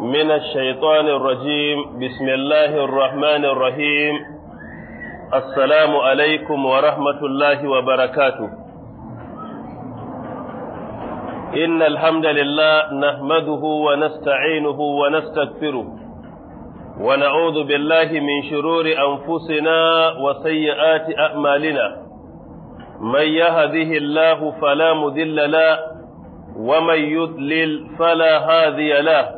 من الشيطان الرجيم بسم الله الرحمن الرحيم السلام عليكم ورحمة الله وبركاته إن الحمد لله نحمده ونستعينه ونستغفره ونعوذ بالله من شرور أنفسنا وسيئات أعمالنا من يهده الله فلا مذل له ومن يضلل فلا هادي له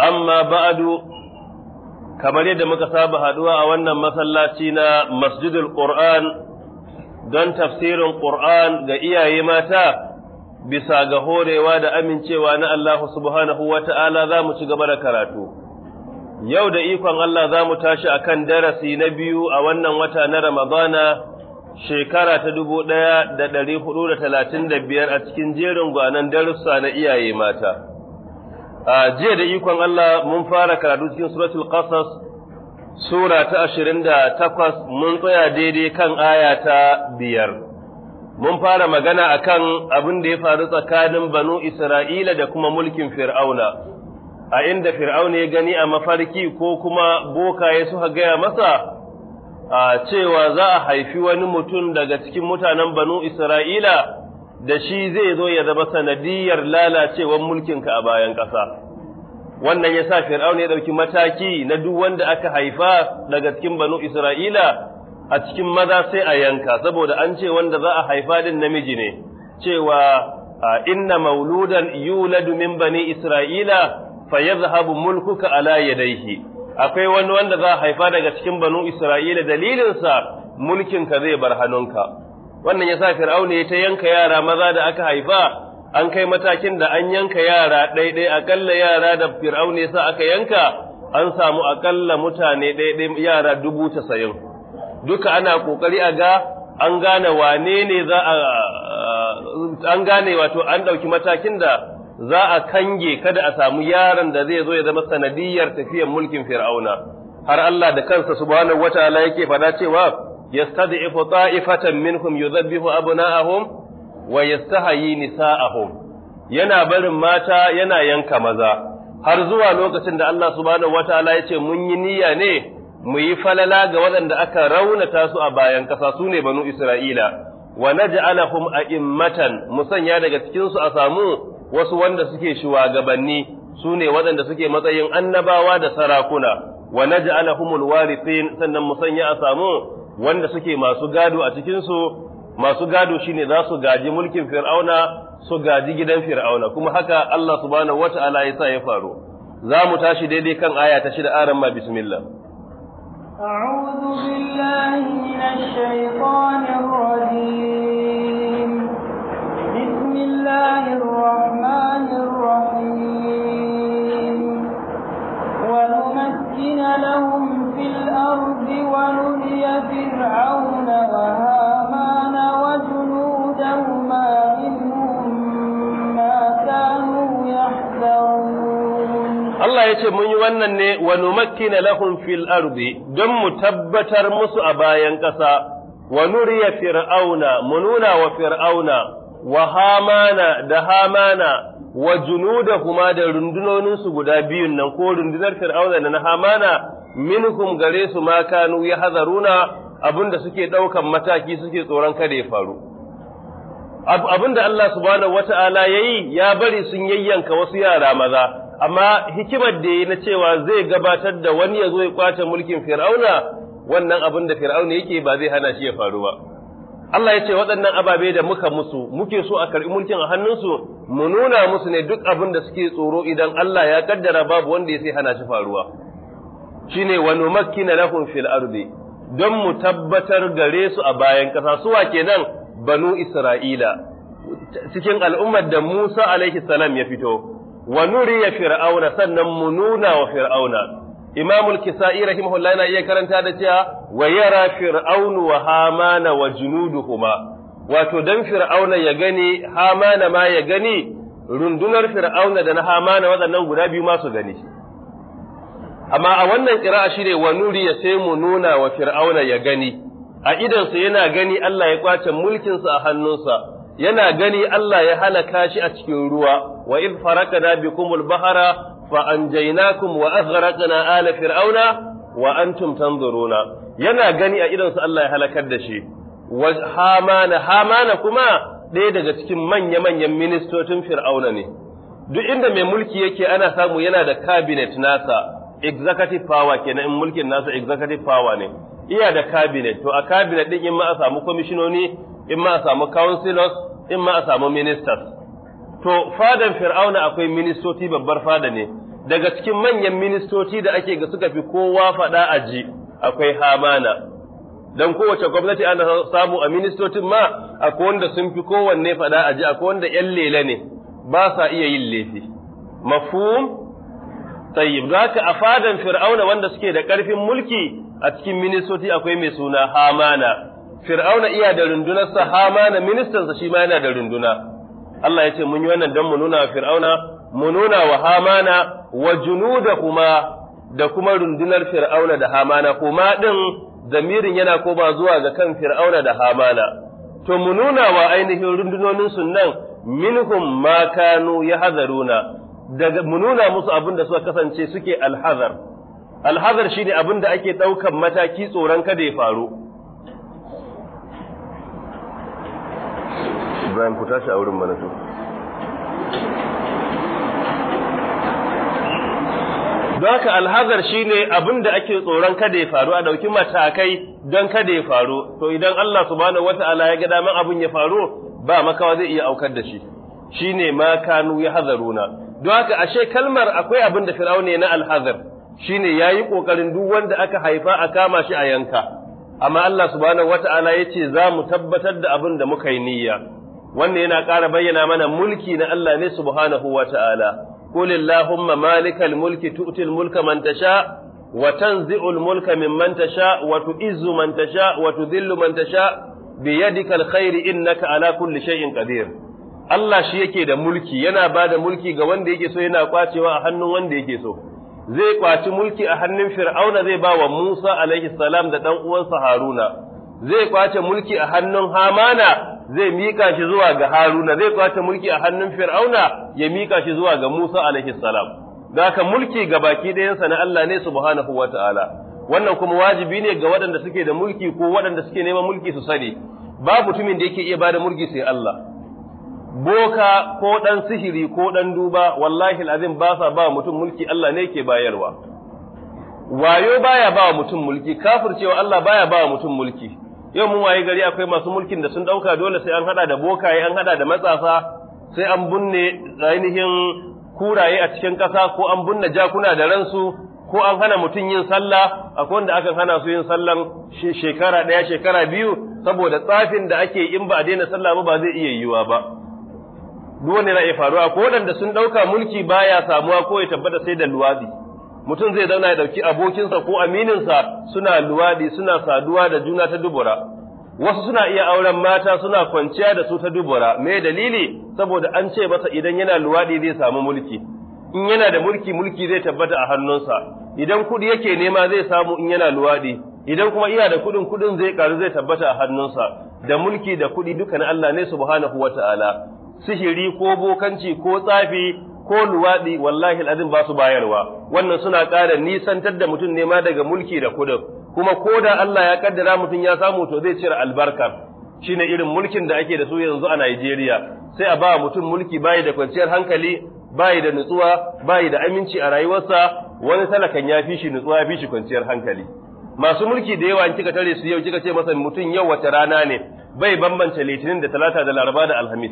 amma ba'adu kamar yadda muka saba haduwa a wannan masallaci na masjidul qur'an don tafsirin qur'an ga iyaye mata bisa ga horewa da amincewa na Allah subhanahu wata'ala za mu ci gaba da karatu yau da ikon Allah za mu tashi a kan darasi na biyu a wannan wata na ramadana shekara ta dubu ɗaya da ɗari hudu da talatin da biyar a cikin jerin gwanan darussa na iyaye mata jiya da ikon Allah mun fara karatu cikin suratul qasas sura ta ashirin da takwas mun tsaya daidai kan aya ta biyar mun fara magana akan abin da ya faru tsakanin banu isra'ila da kuma mulkin fir'auna a inda fir'auna ya gani a mafarki ko kuma boka ya suka gaya masa a cewa za a haifi wani mutum daga cikin mutanen banu isra'ila da shi zai zo ya zama sanadiyar lalacewar mulkinka a bayan ƙasa. Wannan ya sa Fir'aun ya ɗauki mataki na duk wanda aka haifa daga cikin banu Isra'ila a cikin maza sai a yanka, saboda an ce wanda za a haifa din namiji ne, cewa a inna mauludan yuladu min bani Isra'ila fa zahabu mulkuka ala yadaihi. Akwai wani wanda za a haifa daga cikin banu Isra'ila dalilinsa mulkinka zai bar hannunka. wannan ya sa fir'auna ya ta yanka yara maza da aka haifa an kai matakin da an yanka yara ɗaiɗai akalla yara da fir'auna ya sa aka yanka an samu akalla mutane ɗaiɗai yara dubu tasa'in duka ana kokari a ga an gane wane ne za a an gane wato an ɗauki matakin da za a kange kada a samu yaron da zai zo ya zama sanadiyar tafiyar mulkin fir'auna har Allah da kansa subhanahu wataala yake faɗa cewa yastad'ifu ta'ifatan minhum yuzabbihu abna'ahum wa nisa nisa'ahum yana barin mata yana yanka maza har zuwa lokacin da Allah subhanahu wataala ya ce mun yi niyya ne mu yi falala ga waɗanda aka raunata su a bayan ƙasa su ne banu Isra'ila wa naj'alahum a'immatan musanya daga cikin su a samu wasu wanda suke shugabanni su ne waɗanda suke matsayin annabawa da sarakuna wa naj'alahumul warithin sannan sanya a samu wanda suke masu gado a cikinsu masu gado shine za su gaji mulkin fir'auna su gaji gidan fir'auna kuma haka Allah subhanahu wata'ala ya sa ya faru za mu tashi daidai kan aya ta shida aran ma bismillah أعوذ بالله من الشيطان الرجيم بسم الله الرحمن الرحيم ونمكن لهم في Allah ya ce mun yi wannan ne wa numakkina lahum fil ardi don mu tabbatar musu a bayan ƙasa wa nuriya fir'auna mu nuna wa fir'auna wa hamana da hamana wa junuda kuma da rundunonin su guda biyun nan ko rundunar fir'auna da na hamana minhum gare su ma kanu ya hazaruna abinda suke ɗaukan mataki suke tsoron kada ya faru abinda Allah subhanahu wata'ala yayi ya bari sun yayyanka wasu yara maza amma hikimar da yi na cewa zai gabatar da wani yazo ya kwace mulkin fir'auna wannan abin da fir'auna yake ba zai hana shi ya faru ba Allah ya ce waɗannan ababe da muka musu muke so a karɓi mulkin a hannunsu mu nuna musu ne duk abin da suke tsoro idan Allah ya kaddara babu wanda ya sai hana shi faruwa shine wa numakkina lahum fil ardi don mu tabbatar gare su a bayan ƙasa suwa kenan banu Isra'ila cikin al'ummar da Musa alaihi salam ya fito wa nuri ya fir'auna sannan mu nuna wa fir'auna imamul kisa'i rahimahullah yana iya karanta da cewa wa yara fir'aunu wa hamana wa junuduhuma wato dan fir'auna ya gani hamana ma ya gani rundunar fir'auna da na hamana waɗannan guda biyu ma su gani amma a wannan shi ne wa nuri ya sai mu nuna wa fir'auna ya gani a idansa yana gani Allah ya kwace mulkinsa a hannunsa yana gani Allah ya halaka shi a cikin ruwa wa in farakana bikumul bahara fa anjaynakum wa aghraqna ala fir'auna wa antum tanzuruna yana gani a idansa Allah ya halakar da shi wa hamana hamana kuma ɗaya daga cikin manya-manyan ministocin fir'auna ne duk inda mai mulki yake ana samu yana da cabinet nasa executive power kenan in mulkin nasu executive power ne iya da cabinet to a cabinet din in ma a samu kwamishinoni in ma a samu councilors in ma a samu ministers to fadan fir'auna akwai ministoci babbar fada ne daga cikin manyan ministoci da ake ga suka fi kowa fada a ji akwai hamana don kowace gwamnati ana samu a ministocin ma akwai wanda sun fi kowanne fada a ji akwai wanda yan lele ne ba sa iya yin lefi mafhum tayyib don haka a fadan fir'auna wanda suke da ƙarfin mulki a cikin ministoci akwai mai suna hamana fir'auna iya da rundunar sa hamana ministan sa shi ma yana da runduna Allah ya ce mun yi wannan don mu nuna wa fir'auna mu nuna wa hamana wa kuma da kuma rundunar fir'auna da hamana kuma din zamirin yana koma zuwa ga kan fir'auna da hamana to mu nuna wa ainihin rundunonin nan minhum ma kanu yahzaruna daga mu nuna musu abin da suka kasance suke alhazar alhazar shine abin da ake ɗaukan mataki tsoron kada ya faru Ibrahim ku tashi a wurin mana don haka alhazar shine abin da ake tsoron kada ya faru a ɗauki matakai don kada ya faru to idan Allah subhanahu wata'ala ya ga daman abin ya faru ba makawa zai iya aukar da shi shine ma kanu ya hazaruna don haka ashe kalmar akwai abin da fir'auna ya na alhazar shine yayi kokarin duk wanda aka haifa a kama shi a yanka amma Allah subhanahu wata'ala ce za mu tabbatar da abin da muka yi niyya wannan yana ƙara bayyana mana mulki na Allah ne subhanahu wata'ala qul illahumma malikal mulki tu'til mulka mantasha, tasha wa mulka mimman tasha wa tu'izzu man tasha wa tudhillu man tasha biyadikal khairi innaka ala kulli shay'in qadir Allah shi yake da mulki yana ba da mulki ga wanda yake so yana kwacewa a hannun wanda yake so zai kwaci mulki a hannun fir'auna zai ba wa Musa alaihi salam da dan uwansa Haruna zai kwace mulki a hannun Hamana zai mika shi zuwa ga Haruna zai kwace mulki a hannun fir'auna ya mika shi zuwa ga Musa alaihi salam haka mulki ga baki ɗayansa na Allah ne subhanahu ta'ala. wannan kuma wajibi ne ga waɗanda suke da mulki ko waɗanda suke neman mulki su sani babu mutumin da yake iya da mulki sai Allah boka ko ɗan sihiri ko ɗan duba wallahi azim ba sa ba mutum mulki Allah ne ke bayarwa wayo baya ba mutum mulki kafircewa Allah baya ba mutum mulki yau mun waye gari akwai masu mulkin da sun ɗauka dole sai an haɗa da bokaye an haɗa da matsafa sai an bunne ainihin kuraye a cikin ƙasa ko an binne jakuna da ransu ko an hana mutum yin sallah akwai wanda aka hana su yin sallan shekara ɗaya shekara biyu saboda tsafin da ake in ba a daina sallah ba ba zai iya yiwuwa ba duk wanda yana iya faruwa ko waɗanda sun ɗauka mulki baya samuwa ko ya tabbata sai da luwadi mutum zai zauna ya ɗauki abokinsa ko amininsa suna luwadi suna saduwa da juna ta dubura wasu suna iya auren mata suna kwanciya da su ta dubura me dalili saboda an ce masa idan yana luwaɗi zai samu mulki in yana da mulki mulki zai tabbata a hannunsa idan kuɗi yake nema zai samu in yana luwadi idan kuma iya da kuɗin kuɗin zai ƙaru zai tabbata a hannunsa da mulki da kuɗi duka na Allah ne subhanahu wata'ala sihiri ko bokanci ko tsafi ko luwaɗi wallahi al'azim ba su bayarwa wannan suna ƙara nisantar da mutum nema daga mulki da kudin kuma ko da Allah ya kaddara mutum ya samu to zai cire albarka shine irin mulkin da ake da su yanzu a Najeriya sai a ba mutum mulki bayi da kwanciyar hankali bayi da nutsuwa bayi da aminci a rayuwarsa wani talakan ya fishi shi nutsuwa ya fi kwanciyar hankali masu mulki da yawa in kika tare su yau kika ce masa mutum yau wace rana ne bai bambance litinin da talata da laraba da alhamis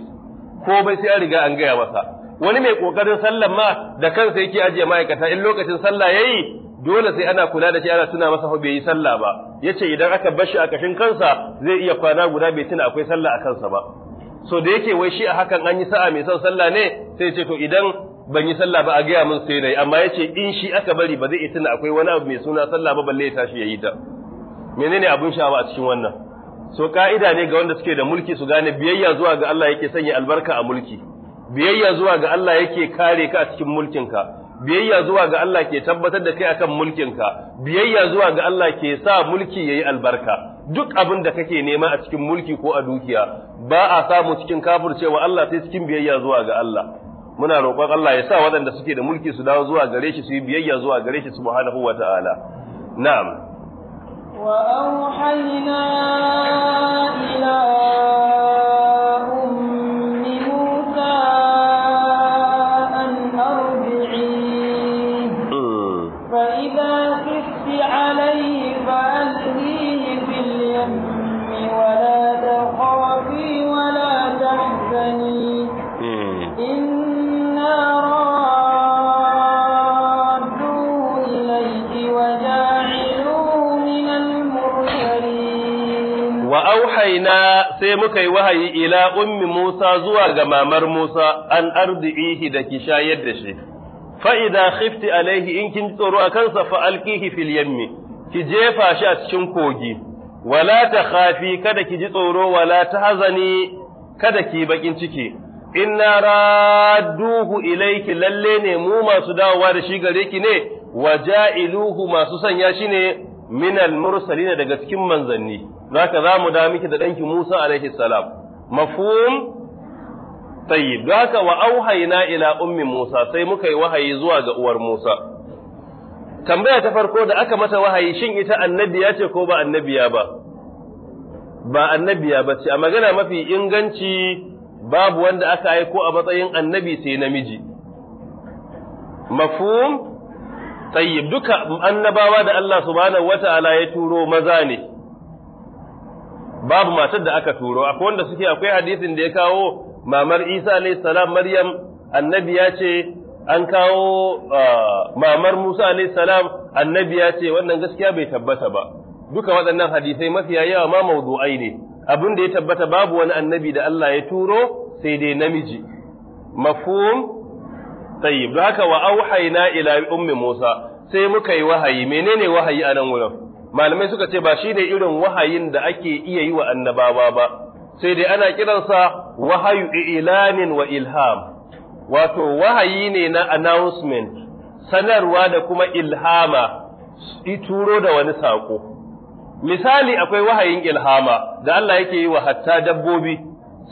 Ko bai sai an riga an gaya masa wani mai kokarin sallan ma da kansa yake ajiye ma'aikata in lokacin sallah yayi dole sai ana kula da shi ana tuna masa bai yi sallah ba yace idan aka bar shi a kashin kansa zai iya kwana guda bai tuna akwai sallah a kansa ba so da yake wai shi a hakan an yi sa'a mai son sallah ne sai ce to idan ban yi sallah ba a gaya min sai dai amma yace in shi aka bari ba zai tuna akwai wani abu mai suna sallah ba balle ya tashi yayi ta menene abun sha'awa a cikin wannan so ka'ida ne ga wanda suke da mulki su gane biyayya zuwa ga Allah yake sanya albarka a mulki biyayya zuwa ga Allah yake kare ka a cikin mulkin ka. biyayya zuwa ga Allah ke tabbatar da kai akan ka. biyayya zuwa ga Allah ke sa mulki yayi albarka duk abin da kake nema a cikin mulki ko a dukiya ba a samu cikin kafir cewa Allah sai cikin biyayya zuwa ga Allah muna roƙon Allah ya sa waɗanda suke da mulki su dawo zuwa gare shi su yi biyayya zuwa gare shi subhanahu wata'ala na'am وأوحينا إلى auhaina sai muka yi wahayi ila ummi Musa zuwa ga mamar Musa an ardi'ihi da ki shayar da shi fa idza khifti alaihi in kin tsoro akan sa fa alqihi fil yammi ki jefa shi a cikin kogi wala ta khafi kada ki ji tsoro wala ta hazani kada ki bakin ciki inna radduhu ilayki lalle ne mu masu dawowa da shi gare ki ne waja'iluhu masu sanya shi ne minal mursalina daga cikin manzanni zaka za mu da miki da danki Musa alaihi salam mafhum za ka wa auhayna ila ummi Musa sai muka yi wahayi zuwa ga uwar Musa tambaya ta farko da aka mata wahayi shin ita annabiya ce ko ba annabiya ba ba annabiya ba ce a magana mafi inganci babu wanda aka aiko a matsayin annabi sai namiji mafhum tayyib duka annabawa da Allah subhanahu taala ya turo maza ne babu matar da aka turo akwai wanda suke akwai hadisin da ya kawo mamar Isa alayhi salam Maryam annabi ya ce an kawo ah, mamar Musa alayhi salam annabi ya ce wannan gaskiya bai tabbata ba duka waɗannan hadisai mafiya yawa ma mawdu'ai ne abin da ya tabbata babu wani annabi da Allah ya turo sai dai namiji mafhum tayyib haka wa auhayna ila ummi Musa sai muka yi wahayi menene wahayi a nan wurin malamai suka ce ba shi ne irin wahayin da ake iya yi wa annabawa ba sai dai ana kiransa wahayu ilanin wa ilham wato wahayi ne na announcement sanarwa da kuma ilhama turo da wani sako misali akwai wahayin ilhama da Allah yake yi wa hatta dabbobi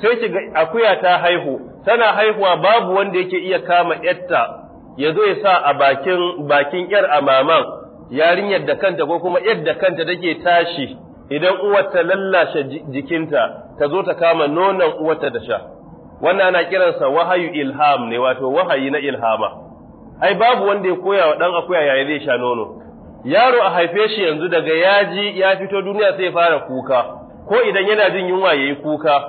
sai ki akuya ta haihu tana haihuwa babu wanda yake iya kama yatta ya zo ya sa a bakin bakin yar amaman yarinyar da kanta ko kuma yadda kanta take tashi idan uwar ta lallashe jikinta ta zo ta kama nonon uwarta ta sha wannan ana kiransa wahayu ilham ne wato wahayi na ilhama ai babu wanda ya koya wa dan akuya yayi zai sha nono yaro a haife shi yanzu daga yaji ya fito duniya sai fara kuka ko idan yana jin yunwa yayi kuka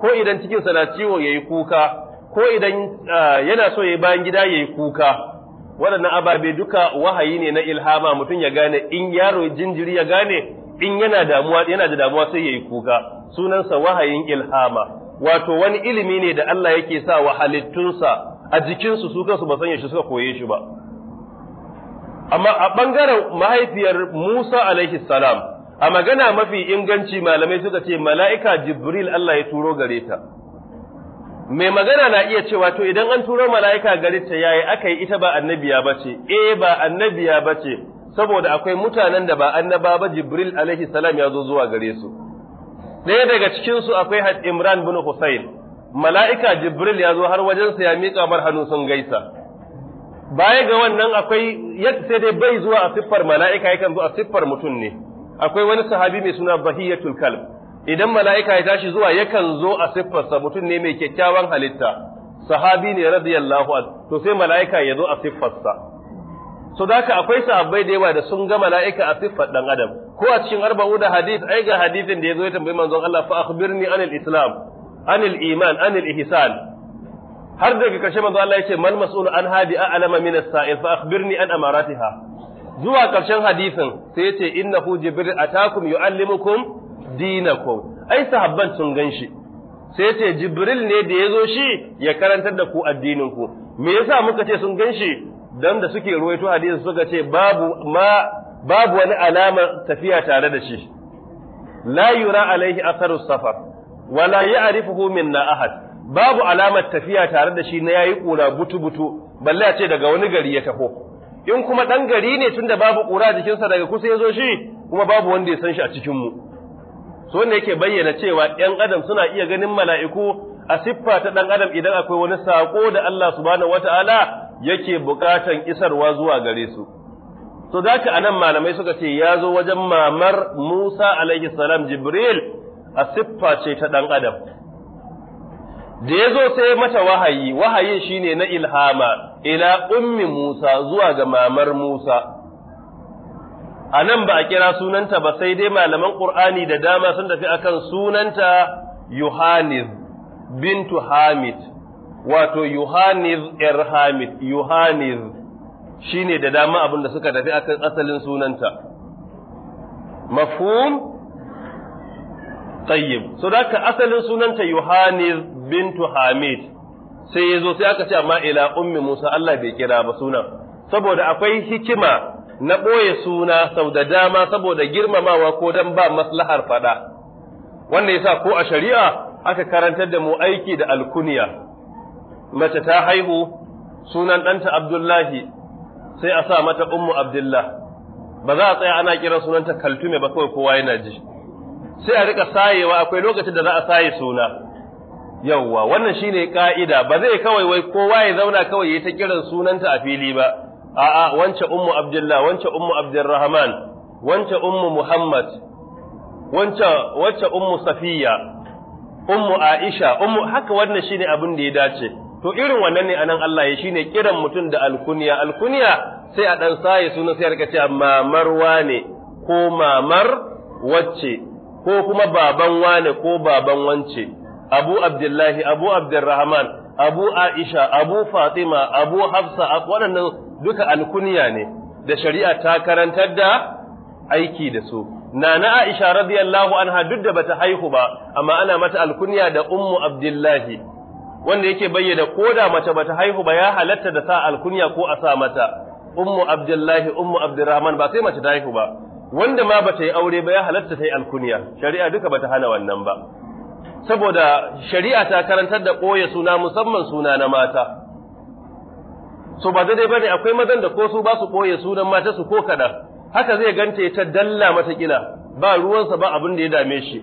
ko idan cikinsa na ciwo yayi kuka ko idan ah, yana so yayi bayan gida yayi kuka waɗannan ababe duka wahayi ne na ilhama mutum ya gane in yaro jinjiri ya gane in yana damuwa yana da damuwa sai yayi kuka sunansa wahayin ilhama wato wani ilimi ne da Allah yake sa wa halittunsa a jikinsu su kansu ba san shi suka koye shi ba amma a bangaren mahaifiyar Musa alaihi salam a magana mafi inganci malamai suka ce mala'ika Jibril Allah ya turo gare ta mai magana na iya cewa to idan an turo mala'ika gari ta yayi aka yi ita ba annabiya ba ce, e ba annabiya ba ce, saboda akwai mutanen da ba annaba ba Jibril alaihi salam ya zo zuwa gare su. Ɗaya daga cikinsu akwai Had Imran bin Hussein, mala'ika Jibril ya zo har wajensa ya miƙa mar hannu sun gaisa. Baya ga wannan akwai yadda sai dai bai zuwa a siffar mala'ika yakan zo a siffar mutum ne. Akwai wani sahabi mai suna Bahiyatul Kalb. idan mala'ika ya tashi zuwa yakan zo a siffarsa mutum ne mai kyakkyawan halitta sahabi ne radiyallahu an to sai mala'ika ya zo a siffarsa so da haka akwai sahabbai da yawa da sun ga mala'ika a siffar ɗan adam ko a cikin arba'u da hadith ai ga hadithin da ya zo ya tambayi manzon Allah fa akhbirni anil islam anil iman anil ihsan har daga karshe manzo Allah ya ce mal mas'ul an hadi a'lama min as-sa'il fa akhbirni an amaratiha zuwa karshen hadisin sai ya ce innahu jibril atakum yu'allimukum Dina ko ai sahabban sun ganshi sai ce jibril ne da yazo shi ya karantar da ku addinin ku me yasa muka ce sun ganshi dan da suke ruwaito hadisi suka ce babu ma babu wani alama tafiya tare da shi la yura alaihi atharu safar wala ya'rifuhu minna ahad babu alamar tafiya tare da shi na yayi kura butu butu balle a ce daga wani gari ya taho in kuma dan gari ne tunda babu kura jikinsa daga kusa yazo shi kuma babu wanda ya san shi a cikin mu so wanda yake bayyana cewa ‘yan adam suna iya ganin mala'iku a siffa ta ɗan adam idan akwai wani saƙo da Allah subhanahu wata'ala yake buƙatan isarwa zuwa gare su. So za ka anan malamai suka ce ya zo wajen mamar Musa alaihi salam Jibril a siffa ce ta ɗan adam. Da ya zo sai mata wahayi, wahayin shine na ilhama ila ummi Musa zuwa ga mamar Musa. a nan ba a kira sunanta ba sai dai malaman ƙur'ani da dama sun tafi akan sunanta Yohanis bintu Hamid wato Yohanis ‘yar Hamid Yohanis shi ne da dama abin da suka tafi akan asalin sunanta mafhum tayyib so da asalin sunanta Yohanis bintu Hamid sai ya zo sai aka ce amma ila ummi Musa Allah bai kira ba sunan saboda akwai hikima na ɓoye suna sau da dama saboda girmamawa ko don ba maslahar faɗa. Wannan yasa ko a shari'a aka karantar da mu aiki da alkuniya. Mace ta haihu sunan ɗanta Abdullahi sai a sa mata Ummu Abdullah. Ba za a tsaya ana kira sunanta Kaltume ba kawai kowa yana ji. Sai a rika sayewa akwai lokacin da za a saye suna. Yawwa wannan shine ka'ida ba zai kawai wai kowa ya zauna kawai ya ta kiran sunanta a fili ba. a'a wance ummu Abdullahi wance ummu abdurrahman wance ummu muhammad wance wacce ummu safiya ummu aisha ummu haka wannan shine abin da ya dace to irin wannan ne anan Allah ya shine kiran mutum da alkunya alkunya sai a dan saye sunan sai rika cewa mamar wane ko mamar wacce ko kuma baban wane ko baban wance abu abdullahi abu abdurrahman abu aisha abu fatima abu hafsa waɗannan duka alkunya ne da shari'a ta karantar da aiki da su nana aisha radiyallahu anha duk da bata haihu ba amma ana mata alkunya da ummu abdullahi wanda yake bayyana ko da mace bata haihu ba ya halatta da sa alkunya ko a sa mata ummu abdullahi ummu abdurrahman ba sai mace ta haihu ba wanda ma bata yi aure ba ya halatta ta yi alkunya shari'a duka bata hana wannan ba saboda shari'a ta karantar da ɓoye suna musamman suna na mata so ba daidai bane akwai mazan da ko su ba su ɓoye sunan mata su ko kaɗan haka zai ganta ta dalla mata ba ruwansa ba abin da ya dame shi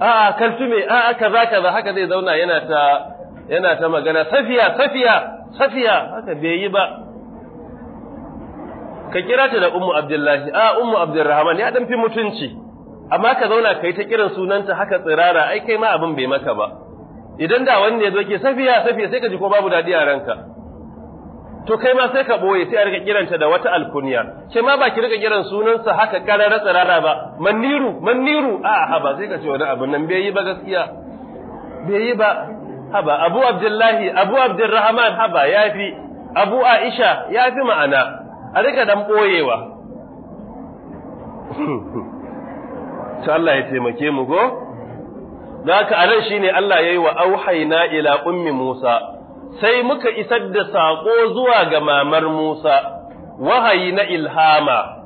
a mai. a kaza kaza haka zai zauna yana ta magana safiya safiya safiya haka bai yi ba ka kira ta da ummu abdullahi a ummu abdulrahman ya ɗan fi mutunci amma ka zauna kai ta kiran sunanta haka tsirara ai kai ma abin bai maka ba idan da wanda ya zo ke safiya safiya sai ka ji ko babu dadi a ranka to kai ma sai ka boye sai a rika kiranta da wata alkunya Kai ma ba ki rika kiran sunansa haka karara tsirara ba maniru maniru a ha ba sai ka ce wani abin nan bai yi ba gaskiya bai yi ba haba abu abdullahi abu abdurrahman haba yafi abu aisha yafi ma'ana a rika dan boyewa to Allah ya taimake mu go da haka anan shine Allah yayi wa auhayna ila ummi Musa sai muka isar da sako zuwa ga mamar Musa wahayi na ilhama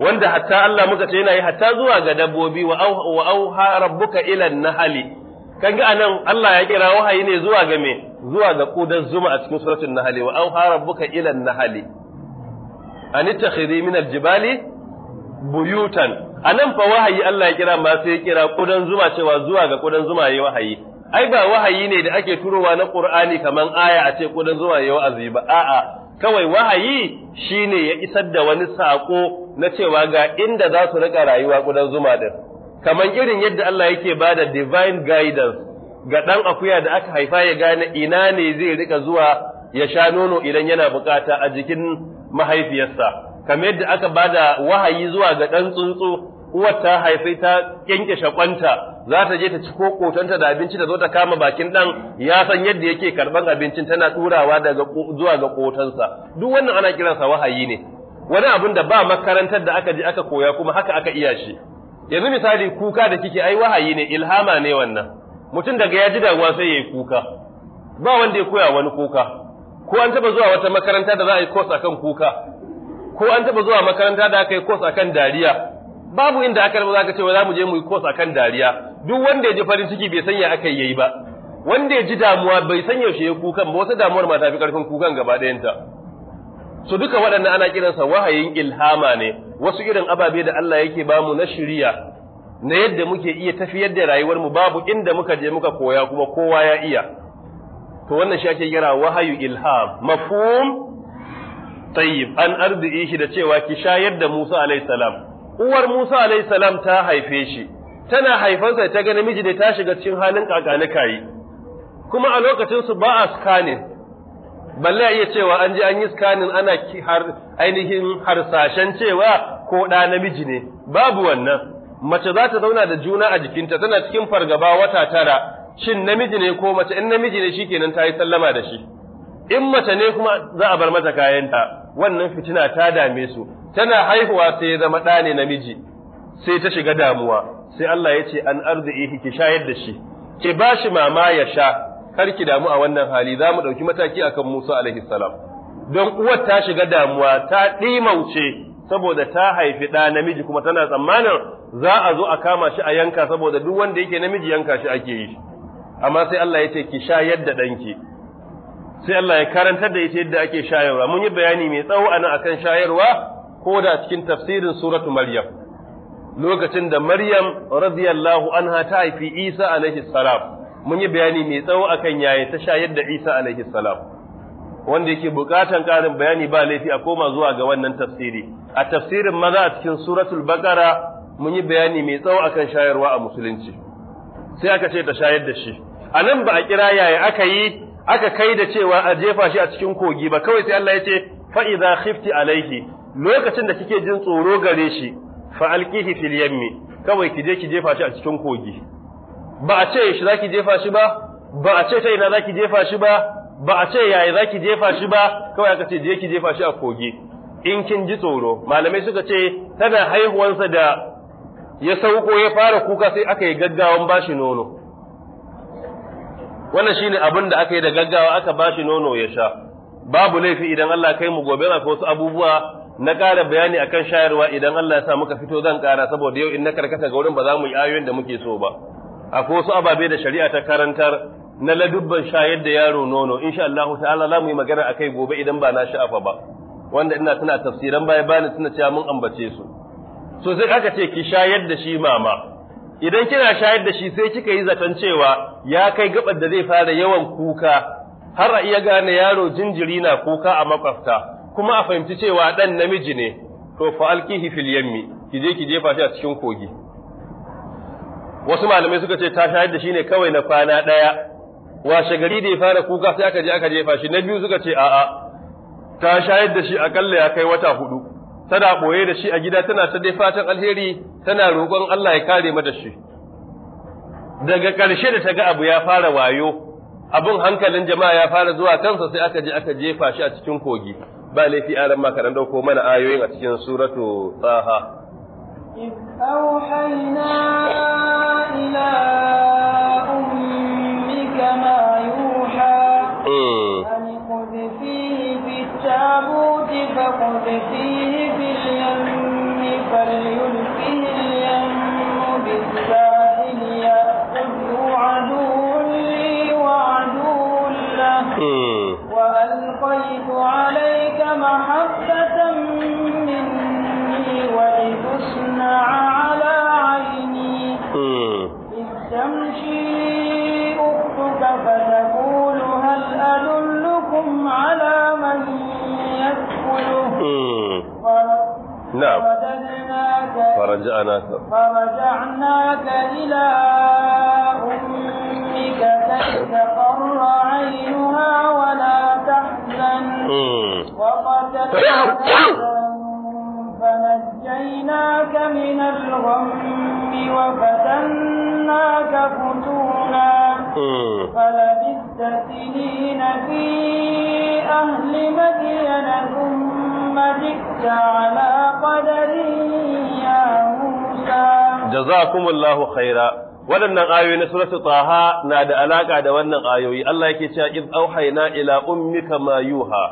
wanda hatta Allah muka ce yana yi hatta zuwa ga dabbobi wa auha rabbuka ila nahali ga anan Allah ya kira wahayi ne zuwa ga me zuwa ga kudan zuma a cikin suratul nahali wa auha rabbuka ila nahali an takhiri min aljibali buyutan anan fa wahayi Allah ya kira ma sai ya kira kudan zuma cewa zuwa ga kudan zuma yayi wahayi ai ba wahayi ne da ake turowa na Qur'ani kaman aya a ce kudan zuma yayi wa'azi ba a'a kawai wahayi shine ya isar da wani sako na cewa ga inda za su rika rayuwa kudan zuma din kaman irin yadda Allah yake bada divine guidance ga dan akuya da aka haifa ya gane ina ne zai rika zuwa ya sha nono idan yana bukata a jikin mahaifiyarsa kamar yadda aka bada wahayi zuwa ga ɗan tsuntsu uwar ta haifi ta kyankyashe kwanta za ta je ta ci kokotanta da abinci ta zo ta kama bakin ɗan ya san yadda yake karɓar abincin tana turawa daga zuwa ga kotansa duk wannan ana kiransa wahayi ne wani abin da ba makarantar da aka je aka koya kuma haka aka iya shi yanzu misali kuka da kike ai wahayi ne ilhama ne wannan mutum daga ya ji damuwa sai yayi kuka ba wanda ya koya wani kuka ko an taba zuwa wata makaranta da za a yi kosa kan kuka ko an taba zuwa makaranta da aka yi course akan dariya babu inda aka raba aka ce wa zamu je mu yi course akan dariya duk wanda ya ji farin ciki bai sanya aka yi ba wanda ya ji damuwa bai san yaushe ya kukan ba wasu damuwar ma tafi karfin kukan gaba ɗayanta su duka waɗannan ana kiransa wahayin ilhama ne wasu irin ababe da Allah yake ba mu na shiriya na yadda muke iya tafiyar da rayuwar mu babu inda muka je muka koya kuma kowa ya iya to wannan shi ake kira wahayu ilham mafhum tayyib an shi da cewa ki shayar da Musa alayhi salam uwar Musa alayhi salam ta haife shi tana haifansa ta ga namiji da ta shiga cikin halin kakani kuma a lokacin su ba a scanning balle a iya cewa an je an yi scanning ana har ainihin harsashen cewa ko ɗa namiji ne babu wannan mace za ta zauna da juna a jikinta tana cikin fargaba wata tara shin namiji ne ko mace in namiji ne shikenan ta yi sallama da shi in mace ne kuma za a bar mata kayanta wannan fitina ta dame su tana haihuwa sai ya zama ɗa ne namiji sai ta shiga damuwa sai Allah ya ce an arzihi ki shayar da shi ki ba shi mama ya sha kar ki damu a wannan hali za mu ɗauki mataki akan Musa alaihi salam don uwar ta shiga damuwa ta ɗimauce saboda ta haifi ɗa namiji kuma tana tsammanin za a zo a kama shi a yanka saboda duk wanda yake namiji yanka shi ake yi amma sai Allah ya ce ki shayar da ɗanki sai Allah ya karanta da ita yadda ake shayarwa mun yi bayani mai tsawo a nan akan shayarwa ko da cikin tafsirin suratu maryam lokacin da maryam radiyallahu anha ta haifi isa alaihi salam mun yi bayani mai tsawo akan yaya ta shayar da isa alaihi salam wanda yake bukatan karin bayani ba laifi a koma zuwa ga wannan tafsiri a tafsirin maza a cikin suratul baqara mun yi bayani mai tsawo akan shayarwa a musulunci sai aka ce ta shayar da shi a nan ba a kira yaya aka yi aka kai da cewa a jefa shi a cikin kogi ba kawai sai Allah ya ce fa idza khifti alayhi lokacin da kike jin tsoro gare shi fa alqihi fil yammi kawai ki je ki jefa shi a cikin kogi ba a ce shi zaki jefa shi ba ba a ce ta ina zaki jefa shi ba ba a ce yayi zaki jefa shi ba kawai aka ce je ki jefa shi a kogi in kin ji tsoro malamai suka ce tana haihuwansa da ya sauko ya fara kuka sai aka yi gaggawan bashi nono wannan shine abin da aka yi da gaggawa aka bashi nono ya sha babu laifi idan Allah kai mu gobe akwai wasu abubuwa na ƙara bayani akan shayarwa idan Allah ya sa muka fito zan ƙara saboda yau in na karkata ga wurin ba za mu yi ayoyin da muke so ba akwai wasu ababe da shari'a ta karantar na ladubban shayar da yaro nono insha Allah ta'ala za mu yi magana akai gobe idan ba na sha'afa ba wanda ina tana tafsiran baya bani tana cewa mun ambace su so sai aka ce ki shayar da shi mama idan kina shayar da shi sai kika yi zaton cewa ya kai gabar da zai fara yawan kuka har a iya gane yaro jinjiri na kuka a makwafta kuma a fahimci cewa dan namiji ne to fa alkihi fil yammi kije ki jefa shi a cikin kogi wasu malamai suka ce ta shayar da shi ne kawai na kwana daya washe gari da ya fara kuka sai aka je aka jefa shi na biyu suka ce a'a ta shayar da shi akalla ya kai wata hudu tana ɓoye da shi a gida tana ta dai fatan alheri tana roƙon Allah ya kare mata shi daga ƙarshe da ta ga abu ya fara wayo abin hankalin jama'a ya fara zuwa kansa sai aka je aka jefa shi a cikin kogi ba laifi aran ma karan dauko mana ayoyin a cikin suratu taha إذ التابوت فيه في اليم فليلقه اليم بالساحل يأخذه عدو لي وعدو له وألقيت عليك محبة مني ولتصنع على عيني إذ تمشي أختك فلا نعم فرجعناك فرجعناك إلى أمك كي تقر عينها ولا تحزن وقتلنا فنجيناك من الغم وفتناك فتونا فلبثت سنين في أهل مدين ثم جئت Da على قدره جزاكم الله خيرا waɗannan ayoyi na suratu taha na da alaka da wannan ayoyi Allah yake cewa iz auhayna ila ummika ma yuha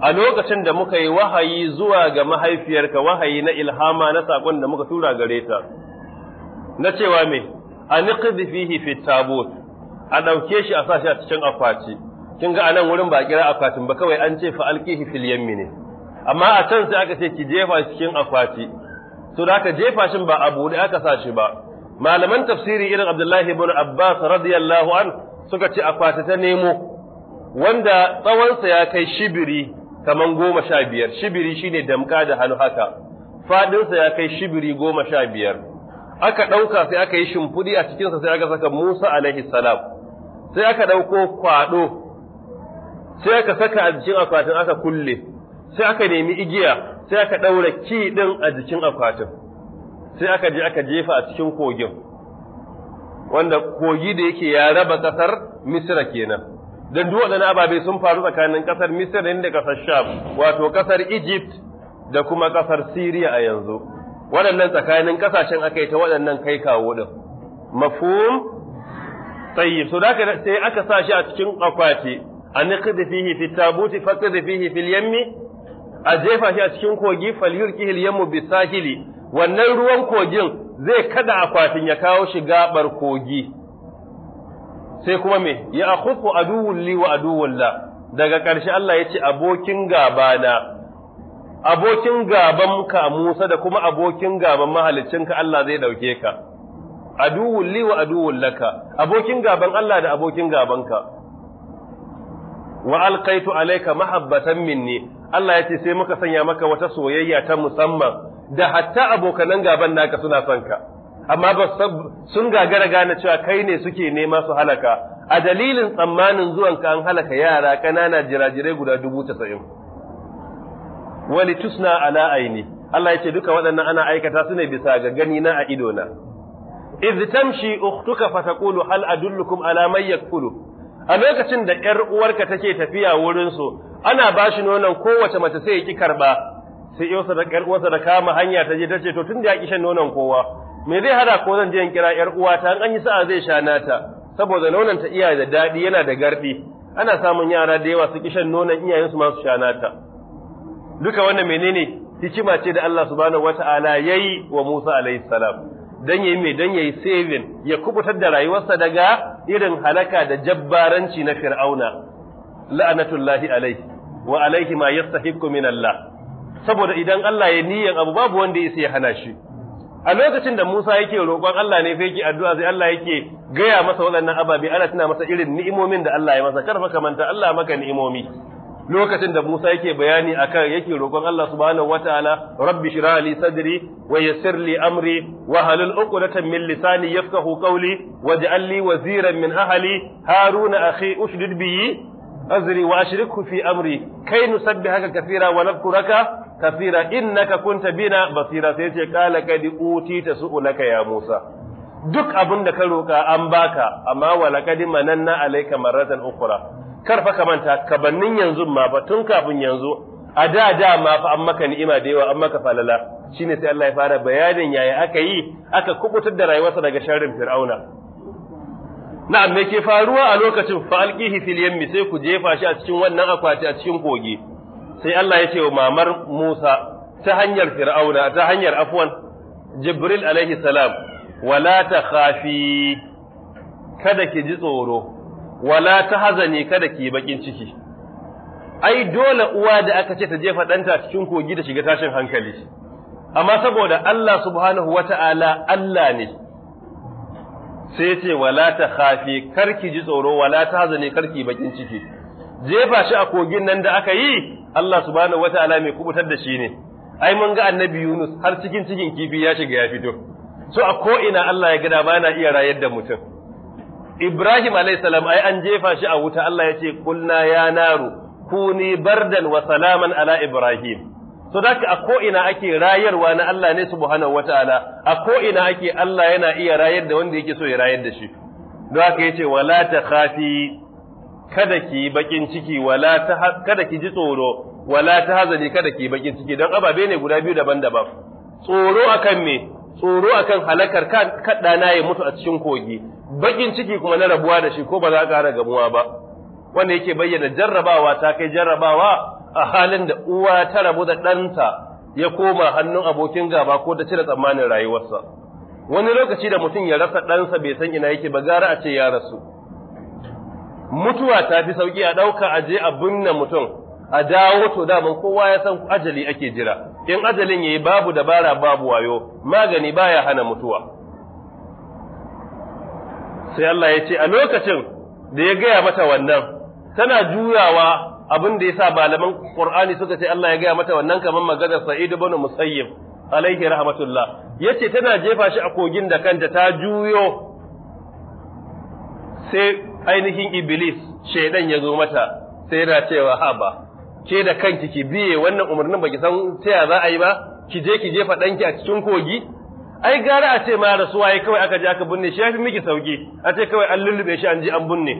a lokacin da muka yi wahayi zuwa ga mahaifiyarka wahayi na ilhama na sakon da muka tura gare ta na cewa me aniqdi fihi fi tabut a dauke shi a sashi a cikin akwati kin ga anan wurin ba kira akwatin ba kawai an ce fa alqihi fil ne amma a can sai aka ce ki jefa cikin akwati to da aka jefa shin ba a buɗe aka sa shi ba malaman tafsiri irin Abdullahi ibn Abbas radiyallahu an suka ce akwati ta nemo wanda tsawonsa ya kai shibiri kaman goma sha biyar shibiri shine damka da hannu haka Faɗinsa ya kai shibiri goma sha biyar aka ɗauka sai aka yi shimfiɗi a cikinsa sai aka saka Musa alaihi salam sai aka ɗauko kwaɗo sai aka saka a jikin akwatin aka kulle sai aka nemi igiya sai aka ɗaura ki din a jikin akwatin sai aka je aka jefa a cikin kogin wanda kogi da yake ya raba kasar Misira kenan dan duk waɗannan ababe sun faru tsakanin kasar Misra da kasar Sham wato kasar Egypt da kuma kasar Syria a yanzu waɗannan tsakanin kasashen aka yi ta waɗannan kai kawo din mafhum tayyib so da sai aka sa shi a cikin akwati an qad fihi fi tabuti faqad fil yammi a jefa shi a cikin kogi falyulqihil yamu bisahili wannan ruwan kogin zai kada akwatin ya kawo shi gabar kogi sai kuma me ya akhufu aduwwul li wa aduwwul la daga ƙarshe Allah ya ce abokin gaba na abokin gaban ka Musa da kuma abokin gaban ka Allah zai dauke ka aduwwul li wa aduwwul laka abokin gaban Allah da abokin gaban ka wa alqaitu alayka mahabbatan minni Allah ya ce sai muka sanya maka wata soyayya ta musamman da hatta abokanan gaban naka suna son ka amma ba sun gagara gane cewa kai ne suke nema su halaka a dalilin tsammanin zuwan ka an halaka yara kanana jirajirai guda dubu casa'in Wani tusna ala aini Allah ya ce duka waɗannan ana aikata su ne bisa ga gani na a idona. na idh tamshi ukhtuka fa taqulu hal adullukum ala man yakulu a lokacin da ‘yar uwarka take tafiya wurinsu, ana ba shi nonon kowace mace sai ya ƙi karɓa, sai da ‘yar uwarsa da kama hanya ta je ta ce, to tun da ya ƙi shan nonon kowa, me zai hada ko zan je in kira ‘yar ta an yi sa'a zai sha nata, saboda nonon ta iya da daɗi yana da garɗi, ana samun yara da yawa su ƙi shan nonon iyayensu ma su sha nata. Duka wannan menene hikima ce da Allah subhanahu ta'ala yayi wa Musa alaihi salam. don yi mai don yi saving ya kubutar da rayuwarsa daga irin halaka da jabbaranci na fir'auna la'anatullahi alaihi wa alaihi ma yastahiqqu min Allah saboda idan Allah ya niyyar abu babu wanda yake hana shi a lokacin da Musa yake roƙon Allah ne fai addu'a sai Allah yake gaya masa waɗannan ababe ana tuna masa irin ni'imomin da Allah ya masa karfa kamanta Allah maka ni'imomi lokacin da Musa yake bayani akan yake roƙon Allah subhanahu wataala rabbi shrah li sadri wa yassir li amri wa halul uqdatan min lisani yafqahu qawli waj'al li waziran min ahli haruna akhi ushdid bihi azri wa ashrikhu fi amri kai nusabbihaka kathira wa nadhkuraka kathira innaka kunta bina basira sai ce qala kad utita su'ulaka ya Musa duk abin da ka roƙa an baka amma wa laqad mananna alayka maratan ukhra kar ka manta kabannin yanzu ma ba tun kafin yanzu a da da ma fa an maka ni'ima da yawa an maka falala shine sai Allah ya fara bayanin yaya aka yi aka kubutar da rayuwarsa daga sharrin fir'auna na'am me ke faruwa a lokacin fa alqihi fil yammi sai ku jefa shi a cikin wannan akwati a cikin kogi sai Allah ya ce wa mamar Musa ta hanyar Fir'auna ta hanyar afwan Jibril alaihi salam wala ta khafi kada ki ji tsoro wala ta hazani, kada ki bakin ciki ai dole uwa da aka ce ta je faɗanta cikin kogi da shiga tashin hankali amma saboda Allah subhanahu wata'ala Allah ne sai ce wala ta khafi karki ji tsoro wala ta hazane karki bakin ciki jefa shi a kogin nan da aka yi Allah subhanahu wataala mai kubutar da shi ne ai mun ga annabi Yunus har cikin cikin kifi ya shiga ya fito so a ko ina Allah ya gada bana iya rayar da mutum Ibrahim alaihissalam ai an jefa shi a wuta Allah ya ce kulna ya naru kuni bardan wa salaman ala Ibrahim. So da a ko'ina ake rayarwa na Allah ne subhanahu wa ta'ala, a ko'ina ake Allah yana iya rayar da wanda yake so ya rayar da shi. Don haka ya ce, wala ta khafi kada ki bakin ciki, kada ki ji tsoro, wala ta hazari kada ki bakin ciki, don ababe ne guda biyu daban-daban. Tsoro akan me, tsoro akan halakar na ya mutu a cikin kogi bakin ciki kuma na rabuwa da shi ko ba za ƙara gamuwa ba wanda yake bayyana jarrabawa ta kai jarrabawa a halin da uwa ta rabu da ɗanta ya koma hannun abokin gaba ko ta cire tsammanin rayuwarsa wani lokaci da mutum ya rasa ɗansa bai san ina yake ba gara a ce ya rasu mutuwa ta fi sauki a ɗauka a je a binne mutum a dawo to da daman kowa ya san ajali ake jira in ajalin yayi babu dabara babu wayo magani baya hana mutuwa sai Allah ya ce a lokacin da ya gaya mata wannan tana juyawa abin da yasa malaman Qur'ani suka ce Allah ya gaya mata wannan kamar maganar Sa'id ibn Musayyib alaihi rahmatullah yace tana jefa shi a kogin da kanta ta juyo sai ainihin Iblis shaidan ya zo mata sai yana cewa haba ke da kanki ki biye wannan umarnin baki san ta za a yi ba ki je ki jefa danki a cikin kogi ai gara a ce ma rasuwa yi kawai aka je aka binne shi yafi miki sauki a ce kawai an lullube shi an je an binne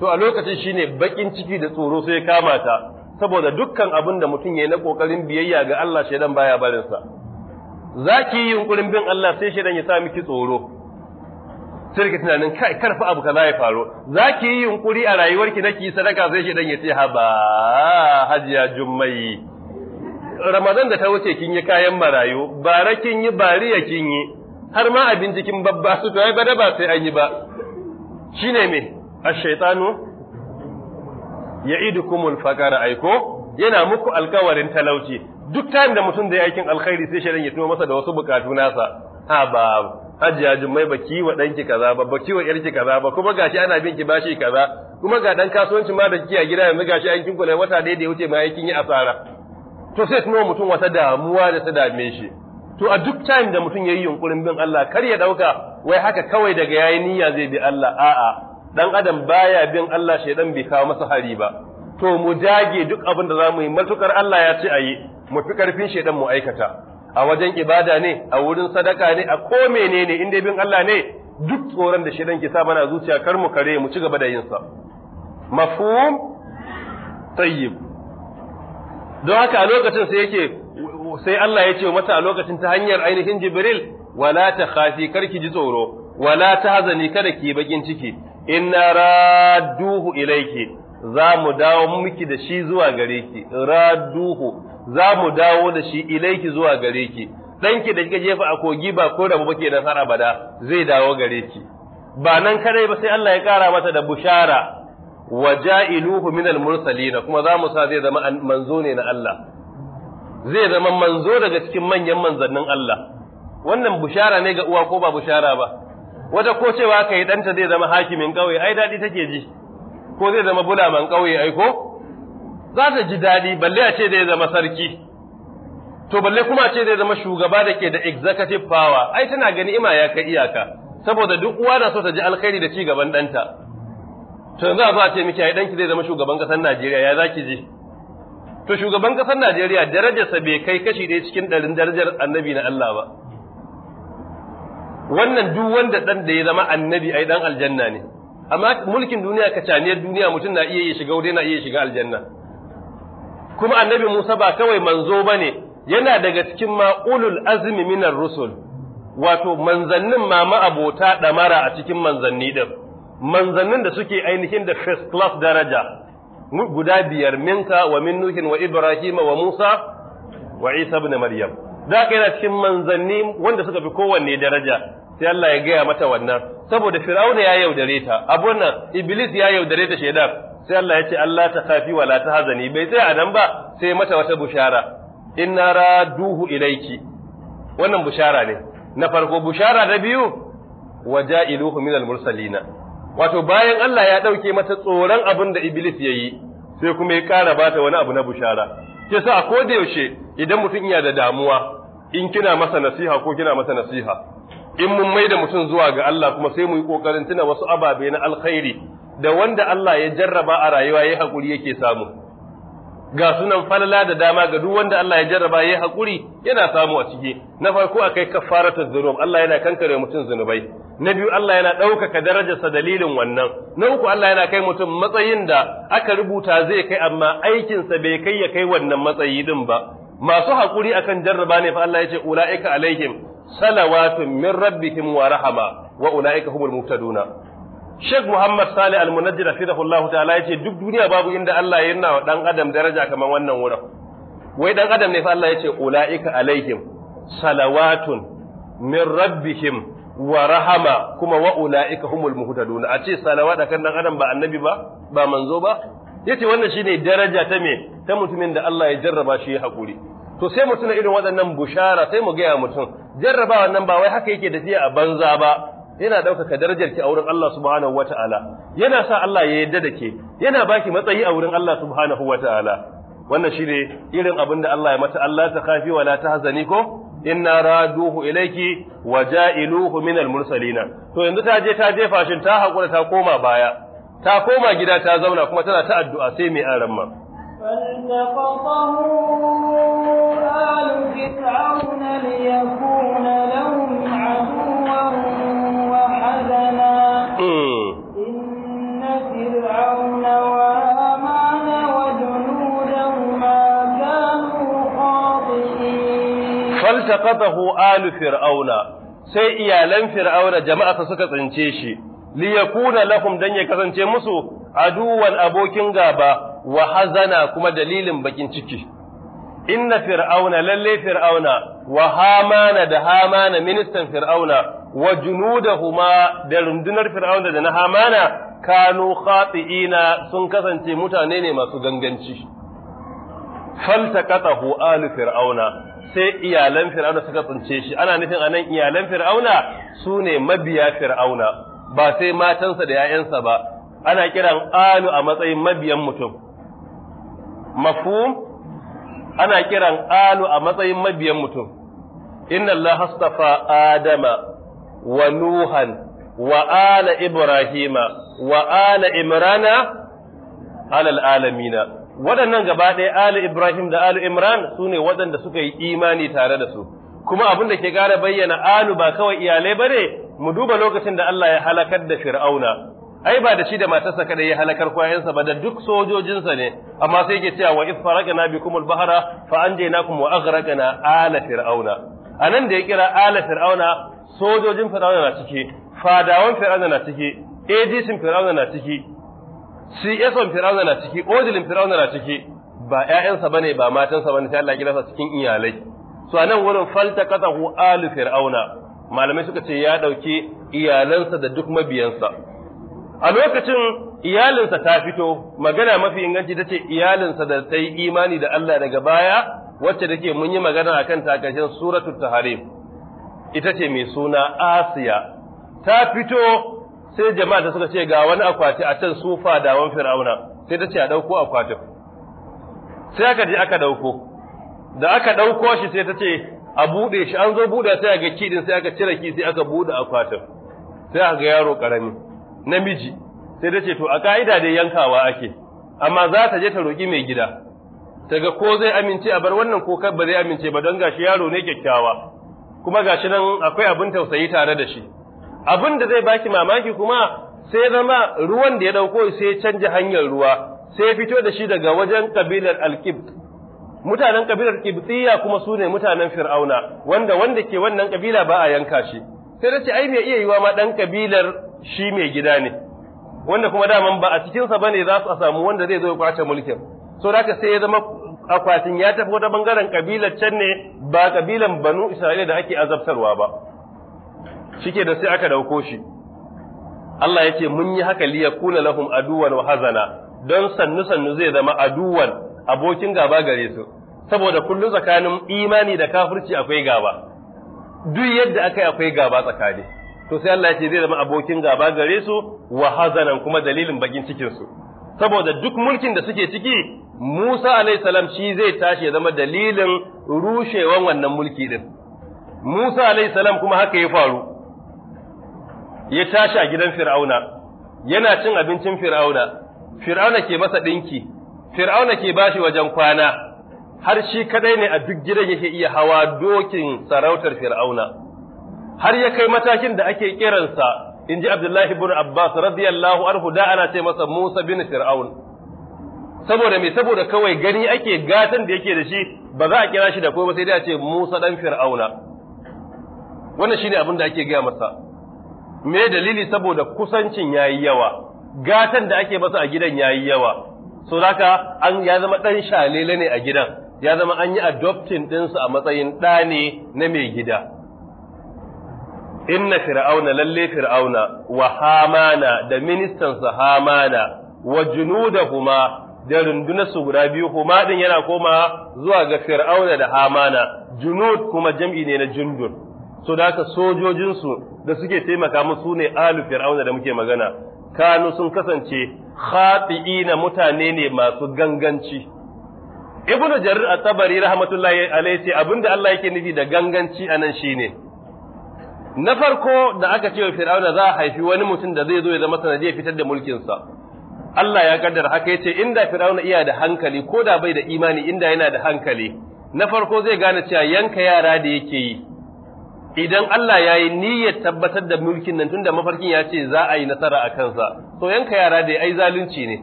to a lokacin shine bakin ciki da tsoro sai ya kama ta saboda dukkan abin da mutum ya yi na kokarin biyayya ga Allah shedan baya barinsa. sa zaki yi yunkurin bin Allah sai shedan ya sa miki tsoro sai tunanin kai karfa abu kaza ya faru zaki yi yunkuri a rayuwarki na ki sadaka sai shi dan ya ce haba hajiya jummai ramadan da ta wuce kin yi kayan marayu bara kin yi bariya kin yi har ma abin jikin babba su to ai bada ba sai an yi ba shine me ash-shaytanu ya'idukumul fakara aiko yana muku alkawarin talauci duk tayin da mutum da ya aikin alkhairi sai shi ya tuno masa da wasu bukatu nasa ha hajjiya jummai ba kiwa ɗanki kaza ba ba kiwa ƴarki kaza ba kuma gashi ana bin ki bashi kaza kuma ga ɗan kasuwanci ma da kike gida yanzu gashi an kinku wata ɗaya da ya wuce ma yakin yi asara to sai kuma mutum wata damuwa da ta dame shi to a duk time da mutum yayi yunkurin bin Allah kar ya ɗauka wai haka kawai daga yayi niyya zai bi Allah a'a dan adam baya bin Allah shedan bai kawo masa hari ba to mu dage duk abin da zamu yi matukar Allah ya ce ayi mu fi karfin shedan mu aikata a wajen ibada ne a wurin sadaka ne a ko menene inda bin Allah ne duk tsoron da shedan kisa sa mana zuciya kar mu kare mu ci gaba da yin sa mafhum tayyib don haka a lokacin sai yake sai Allah ya ce mata a lokacin ta hanyar ainihin Jibril wala ta khafi ki ji tsoro wala ta hazani kada ki bakin ciki inna radduhu ilayki za mu dawo miki da shi zuwa gare ki radduhu za mu dawo da shi ilaiki zuwa gare ki ki da kika jefa a kogi ba ko rabu bake dan har abada zai dawo gare ki ba nan kadai ba sai Allah ya kara mata da bushara wa ja'iluhu min al mursalina kuma za mu sa zai zama manzo ne na Allah zai zama manzo daga cikin manyan manzannin Allah wannan bushara ne ga uwa ko ba bushara ba wata ko cewa kai danta zai zama hakimin kauye ai dadi take ji ko zai zama bulaman kauye ai ko za ta ji daɗi balle a ce da ya zama sarki to balle kuma a ce da ya zama shugaba da ke da executive power ai tana gani ima ya kai iyaka saboda duk uwa na so ta ji alkhairi da ci gaban ɗanta to yanzu a zo a ce miki ai ɗanki zai zama shugaban ƙasar Najeriya ya zaki ji to shugaban ƙasar Najeriya darajarsa bai kai kashi ɗaya cikin ɗarin darajar annabi na Allah ba wannan duk wanda ɗan da ya zama annabi ai ɗan aljanna ne amma mulkin duniya ka caniyar duniya mutum na iya yi shiga wuri na iya shiga aljanna kuma annabi Musa ba kawai manzo bane yana daga cikin ma'ulul azmi minar rusul wato manzannin ma ma'abota ɗamara a cikin manzanni din manzannin da suke ainihin da first class daraja guda biyar minka wa min nuhin wa Ibrahim wa musa wa isa ibn maryam da ka yana cikin manzanni wanda suka fi kowanne daraja sai Allah ya gaya mata wannan saboda fir'auna ya yaudare ta abun nan iblis ya yaudare ta shaidar. sai Allah ya ce Allah ta kafi wa la hazani. bai tsaya a nan ba sai mata wata bushara inna raduhu ilayki wannan bushara ne na farko bushara da biyu wa ja'iluhu minal mursalina wato bayan Allah ya dauke mata tsoron abin da iblis yayi sai kuma ya kara bata wani abu na bushara ke sa ko da yaushe idan mutum yana da damuwa in kina masa nasiha ko kina masa nasiha in mun maida mutum zuwa ga Allah kuma sai mu yi kokarin tuna wasu ababe na alkhairi da wanda Allah ya jarraba a rayuwa ya hakuri yake samu ga sunan falala da dama ga duk wanda Allah ya jarraba ya haƙuri yana samu a ciki na farko a akai kafaratu zunub Allah yana kankare mutum zunubai na biyu Allah yana ɗaukaka darajarsa dalilin wannan na uku Allah yana kai mutum matsayin da aka rubuta zai kai amma aikinsa bai kai ya kai wannan matsayi din ba masu hakuri akan jarraba ne fa Allah ya ce ula'ika alaihim salawatun min rabbihim wa rahama wa ula'ika humul muhtaduna Sheikh Muhammad Salih Al-Munajjid rahimahullah ta'ala yace duk duniya babu inda Allah ya yana wa dan adam daraja kaman wannan wurin. Wai dan adam ne fa Allah yace ulaika alaihim salawatun min rabbihim wa rahama kuma wa ulaika humul muhtadun. A ce salawa da kan dan adam ba annabi ba ba manzo ba yace wannan shine daraja ta me ta mutumin da Allah ya jarraba shi ya hakuri. To sai mutuna irin waɗannan bushara sai mu ga mutum jarrabawa nan ba wai haka yake da a banza ba yana ɗaukaka darajarki a wurin Allah subhanahu ta'ala. yana sa Allah ya yarda da ke yana baki matsayi a wurin Allah subhanahu ta'ala. wannan ne irin abin da Allah ya mata Allah ta kafi wala hazani ko inna raduhu ilaiki wa ja'iluhu min al-mursalina to yanzu ta je ta jefa shi ta hakura ta koma baya ta koma gida ta zauna kuma tana ta addu'a sai mai aran ma فالتقطه آل فرعون ليكون لهم faltaqatahu alu fir'auna sai iyalan fir'auna jama'a suka tsince shi liyakuna lahum dan ya kasance musu aduwan abokin gaba wa hazana kuma dalilin bakin ciki inna fir'auna lalle fir'auna wa hamana da hamana ministan fir'auna wa junudahuma da rundunar fir'auna da na hamana kanu khati'ina sun kasance mutane ne masu ganganci faltaqatahu alu fir'auna sai iyalan fir'auna suka tsince shi ana nufin anan iyalan fir'auna su ne mabiya fir'auna ba sai matansa da 'ya'yansa ba ana kiran alu a matsayin mabiyan mutum mafhum ana kiran alu a matsayin mabiyan mutum inna allaha astafa adama wa nuhan wa ala ibrahima wa ala imrana ala alamina waɗannan gaba ɗaya ali ibrahim da ali imran su ne waɗanda suka yi imani tare da su kuma abin da ke ƙara bayyana alu ba kawai iyalai ba ne mu duba lokacin da Allah ya halakar da fir'auna ai ba da shi da matarsa kada ya halakar kwayansa ba da duk sojojinsa ne amma sai ke cewa wa if na bi kumul bahara, fa an kuma wa aghraqna ala fir'auna A nan da ya kira ala fir'auna sojojin fir'auna na ciki fadawan fir'auna na ciki ejisin fir'auna na ciki shi yason Fir'auna na ciki odilin Fir'auna na ciki ba ƴaƴansa bane ba matansa bane sai Allah ya sa cikin iyalai so anan wurin qatahu alu fir'auna malamai suka ce ya dauki iyalansa da duk mabiyansa a lokacin iyalinsa ta fito magana mafi inganci ta ce iyalinsa da ta yi imani da Allah daga baya wacce take mun yi magana akan takashin suratul tahrim ita ce mai suna Asiya ta fito sai jama'a da suka ce ga wani akwati a can da wani fir'auna sai ta ce a dauko akwatin sai aka je aka dauko da aka dauko shi sai ta ce a bude shi an zo bude sai ga kidin sai aka cire ki sai aka bude akwatin sai aka ga yaro karami namiji sai ta ce to a ka'ida dai yankawa ake amma za ta je ta roki mai gida ta ko zai amince a bar wannan ko ba zai amince ba don gashi yaro ne kyakkyawa kuma gashi nan akwai abin tausayi tare da shi abin da zai baki mamaki kuma sai zama ruwan da ya dauko sai ya canja hanyar ruwa sai fito da shi daga wajen kabilar alkibt mutanen kabilar kibtiya kuma su ne mutanen fir'auna wanda wanda ke wannan kabila ba a yanka shi sai da ce ai mai iya yiwa ma dan kabilar shi mai gida ne wanda kuma daman ba a sa bane za su samu wanda zai zo ya kwace mulkin so da sai ya zama akwatin ya tafi wata bangaren kabilar can ne ba kabilan banu isra'ila da ake azabtarwa ba shike da sai aka dauko shi Allah ya ce mun yi haka liya kuna lahum aduwan wa hazana don sannu sannu zai zama aduwan abokin gaba gare su saboda kullum tsakanin imani da kafirci akwai gaba duk yadda aka yi akwai gaba tsakani to sai Allah ya ce zai zama abokin gaba gare su wa hazana kuma dalilin bakin cikin su saboda duk mulkin da suke ciki Musa alayhi salam shi zai tashi ya zama dalilin rushewan wannan mulki din Musa alayhi salam kuma haka ya faru ya tashi a gidan fir'auna yana cin abincin fir'auna fir'auna ke masa ɗinki fir'auna ke bashi wajen kwana har shi kadai ne a duk gidan yake iya hawa dokin sarautar fir'auna har ya kai matakin da ake kiransa in ji abdullahi ibn abbas radiyallahu anhu da ana ce masa musa bin fir'aun saboda me saboda kawai gani ake gatan da yake da shi ba za a kira shi da ba sai dai a ce musa dan fir'auna wannan shine abin da ake gaya masa me dalili saboda kusancin yayi yawa gatan da ake masa a gidan yayi yawa so zaka an ya zama dan shalele ne a gidan ya zama an yi adoptin ɗinsu a matsayin ɗa ne na mai gida inna fir'auna lalle fir'auna wa hamana da ministan ministansa hamana wa junudahuma da su guda biyu kuma din yana koma zuwa ga fir'auna da hamana junud kuma jam'i ne na jundun so da haka sojojinsu da suke taimaka musu ne alu fir'auna da muke magana kanu sun kasance na mutane ne masu ganganci ibnu jarir at-tabari rahmatullahi alayhi ce abinda Allah yake nufi da ganganci anan shine na farko da aka ce wa fir'auna za a haifi wani mutum da zai zo ya zama sanadiyar fitar da mulkin sa, Allah ya kaddara haka yace inda fir'auna iya da hankali ko da bai da imani inda yana da hankali na farko zai gane cewa yanka yara da yake yi idan Allah ya yi niyyar tabbatar da mulkin nan tunda mafarkin ya ce za a yi nasara a kansa to yanka yara da ai zalunci ne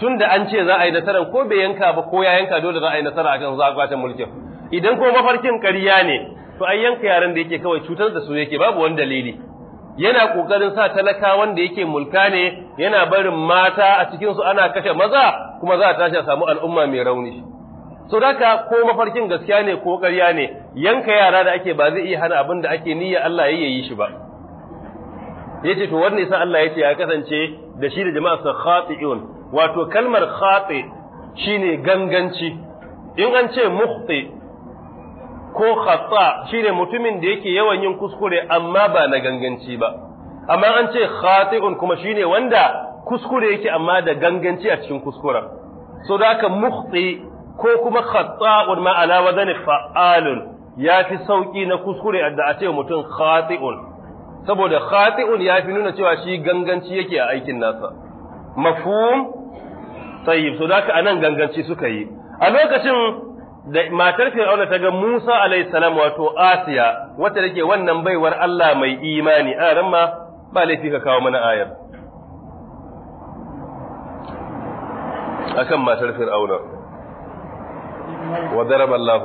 tunda an ce za a yi nasara ko bai yanka ba ko ya yanka dole za a yi nasara a kansa za a kwace mulkin idan ko mafarkin ƙarya ne to ai yanka yaran da yake kawai cutar da su yake babu wani dalili yana kokarin sa talaka wanda yake mulka ne yana barin mata a cikinsu ana kashe maza kuma za a tashi a samu al'umma mai rauni so ko mafarkin gaskiya ne ko ƙarya ne yanka yara da ake ba zai iya hana abin da ake niyya Allah ya yi shi ba yace to wannan yasa Allah yace ya kasance da shi da jama'a sa khati'un wato kalmar khati shine ganganci in an ce mukhti ko khata shine mutumin da yake yawan yin kuskure amma ba na ganganci ba amma an ce khati'un kuma shine wanda kuskure yake amma da ganganci a cikin kuskuren so da haka mukhti ko kuma khata'un ma ala wazani fa'alun ya fi sauƙi na kuskure da a ce mutum khati'un saboda khati'un ya fi nuna cewa shi ganganci yake a aikin nasa mafhum tayyib so daka anan ganganci suka yi a lokacin da matar Fir'auna ta ga Musa alayhi salam wato Asiya wata take wannan baiwar Allah mai imani a ran ma ba laifi ka kawo mana ayar akan matar Fir'auna وضرب الله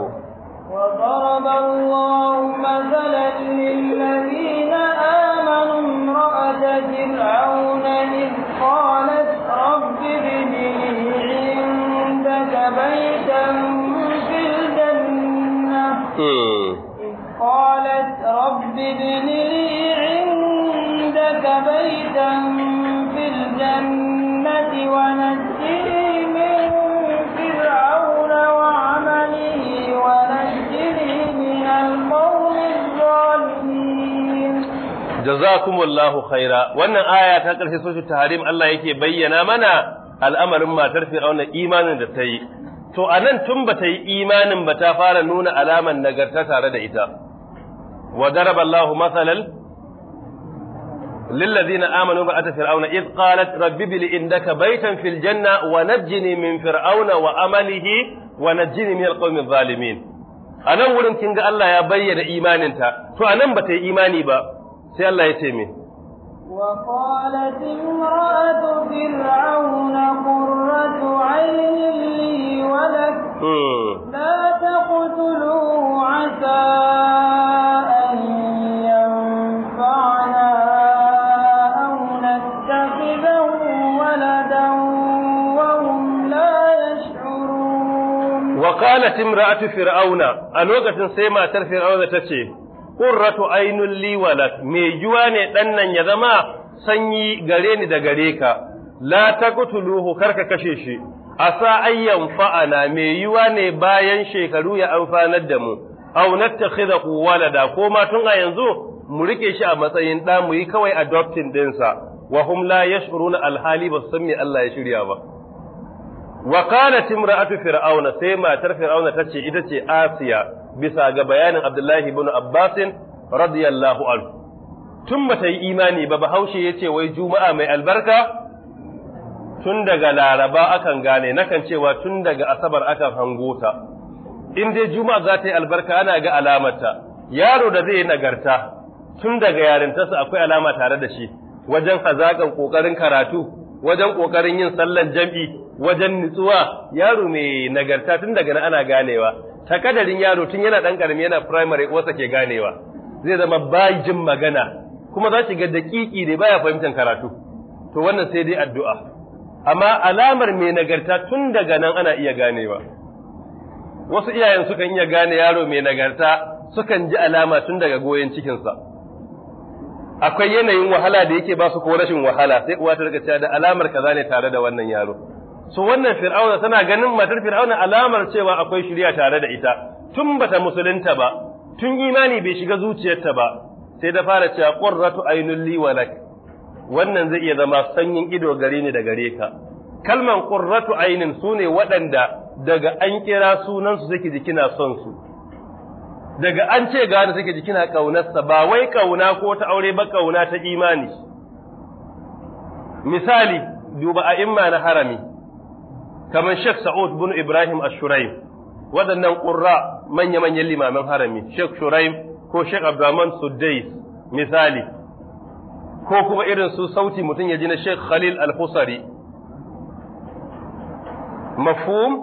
وضرب الله مثلا للذين آمنوا امرأة فرعون إذ قالت رب ابن لي عندك بيتا في الجنة إذ قالت رب ابن عندك بيتا في الجنة ونجني jazakumullahu khaira wannan aya ta karshe suratul taharim Allah yake bayyana mana al'amarin matar fir'auna imanin da ta yi to anan tun ba ta yi imanin ba ta fara nuna alaman nagarta tare da ita wa daraballahu masalan للذين آمنوا بأت فرعون إذ قالت رب بل إنك بيتا في الجنة ونجني من فرعون وأمله ونجني من القوم الظالمين a nan wurin kin ga Allah ya bayyana imaninta to a nan ba ta yi imani ba sai Allah ya وقالت امرأة فرعون قرة عين لي ولك لا تقتلوه عسى أن ينفعنا أو نتخذه ولدا وهم لا يشعرون وقالت امرأة فرعون ألوغة سيما ترفرعون تشيه ƙurratu ainul li walat me juwa ne dan nan ya zama sanyi gare ni da gare ka la taqtuluhu karka kashe shi A sa ayyan fa'ana me yiwa ne bayan shekaru ya amfanar da mu aw nattakhidahu walada ko ma tun a yanzu mu rike shi a matsayin ɗa mu yi kawai adopting din sa wa hum la yash'uruna alhali ba san me Allah ya shirya ba wa qalat imra'atu fir'auna sai matar fir'auna tace ita ce asiya bisa ga bayanin Abdullahi ibn Abbasin radiyallahu anhu tun bata yi imani ba Bahaushe ya ce wai Juma'a mai albarka tun daga Laraba akan gane nakan cewa tun daga Asabar akan hango ta in dai Juma'a za ta yi albarka ana ga alamarta yaro da zai nagarta tun daga yarintarsa akwai alama tare da shi wajen hazaƙan ƙoƙarin karatu wajen ƙoƙarin yin sallan jam'i wajen nutsuwa yaro mai nagarta tun daga ana ganewa takadarin yaro tun yana ɗan ƙarami yana primary wasa ke ganewa zai zama bajin magana kuma za shi ga daƙiƙi da baya fahimtar karatu to wannan sai dai addu'a amma alamar mai nagarta tun daga nan ana iya ganewa wasu iyayen sukan iya gane yaro mai nagarta sukan ji alama tun daga goyon cikinsa akwai yanayin wahala da yake ba su ko rashin wahala sai uwa ta cewa da alamar kaza ne tare da wannan yaro so wannan fir'auna tana ganin matar fir'auna alamar cewa akwai shirya tare da ita tun bata musulunta ba tun imani bai shiga zuciyarta ba sai da fara cewa qurratu aynul li wa wannan zai iya zama sanyin ido gare ni da gare ka kalman qurratu ainin sune waɗanda daga an kira sunan su suke jikina son su daga an ce ga da suke ji kina kaunarsa ba wai kauna ko ta aure ba kauna ta imani misali duba a imma na harami kamar Sheikh Sa'ud bin Ibrahim Ash-Shuraim waɗannan ƙurra manya-manyan limamin harami Sheikh Shuraim ko Sheikh Abdurrahman suddai misali ko kuma irin su sauti mutum ya ji na Sheikh Khalil Al-Husari mafhum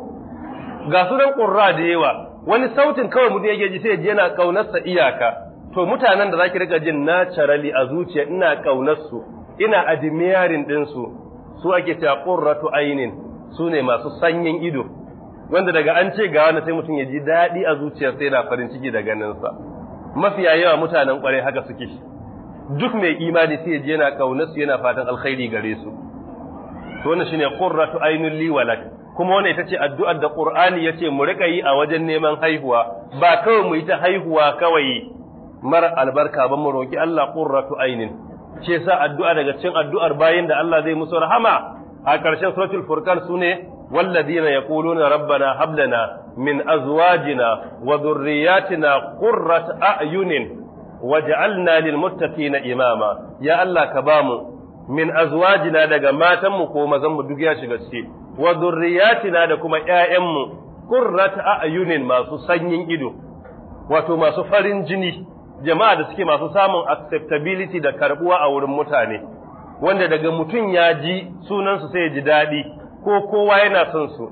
ga su ƙurra da yawa wani sautin kawai mutum yake ji sai ji yana kaunarsa iyaka to mutanen da zaki rika jin naturally a zuciya ina kaunarsu ina admiring din su su ake cewa qurratu ainin su ne masu sanyin ido wanda daga an ce ga wani sai mutum ya ji daɗi a zuciyar sai na farin ciki da sa mafiya yawa mutanen kwarai haka suke duk mai imani sai ya ji yana su yana fatan alkhairi gare su to wannan shine qurratu ainul li walak kuma wannan ita ce addu'ar da ƙur'ani ya ce mu rika yi a wajen neman haihuwa ba kawai mu yi ta haihuwa kawai mara albarka ba mu roki Allah ƙurratu ainin ce sa addu'a daga cikin addu'ar bayan da Allah zai musu rahama a ƙarshen suratul furqan sune walladina yaquluna rabbana hab lana min azwajina wa dhurriyyatina qurrata a'yunin waj'alna lil muttaqina imama ya Allah ka bamu min azwajina daga matanmu ko mazanmu duk ya shiga ciki wa zurriyatina da kuma ƴaƴanmu qurrata a'yunin masu sanyin ido wato masu farin jini jama'a da suke masu samun acceptability da karbuwa a wurin mutane wanda daga mutum ya ji sunansu sai ji daɗi ko kowa yana son su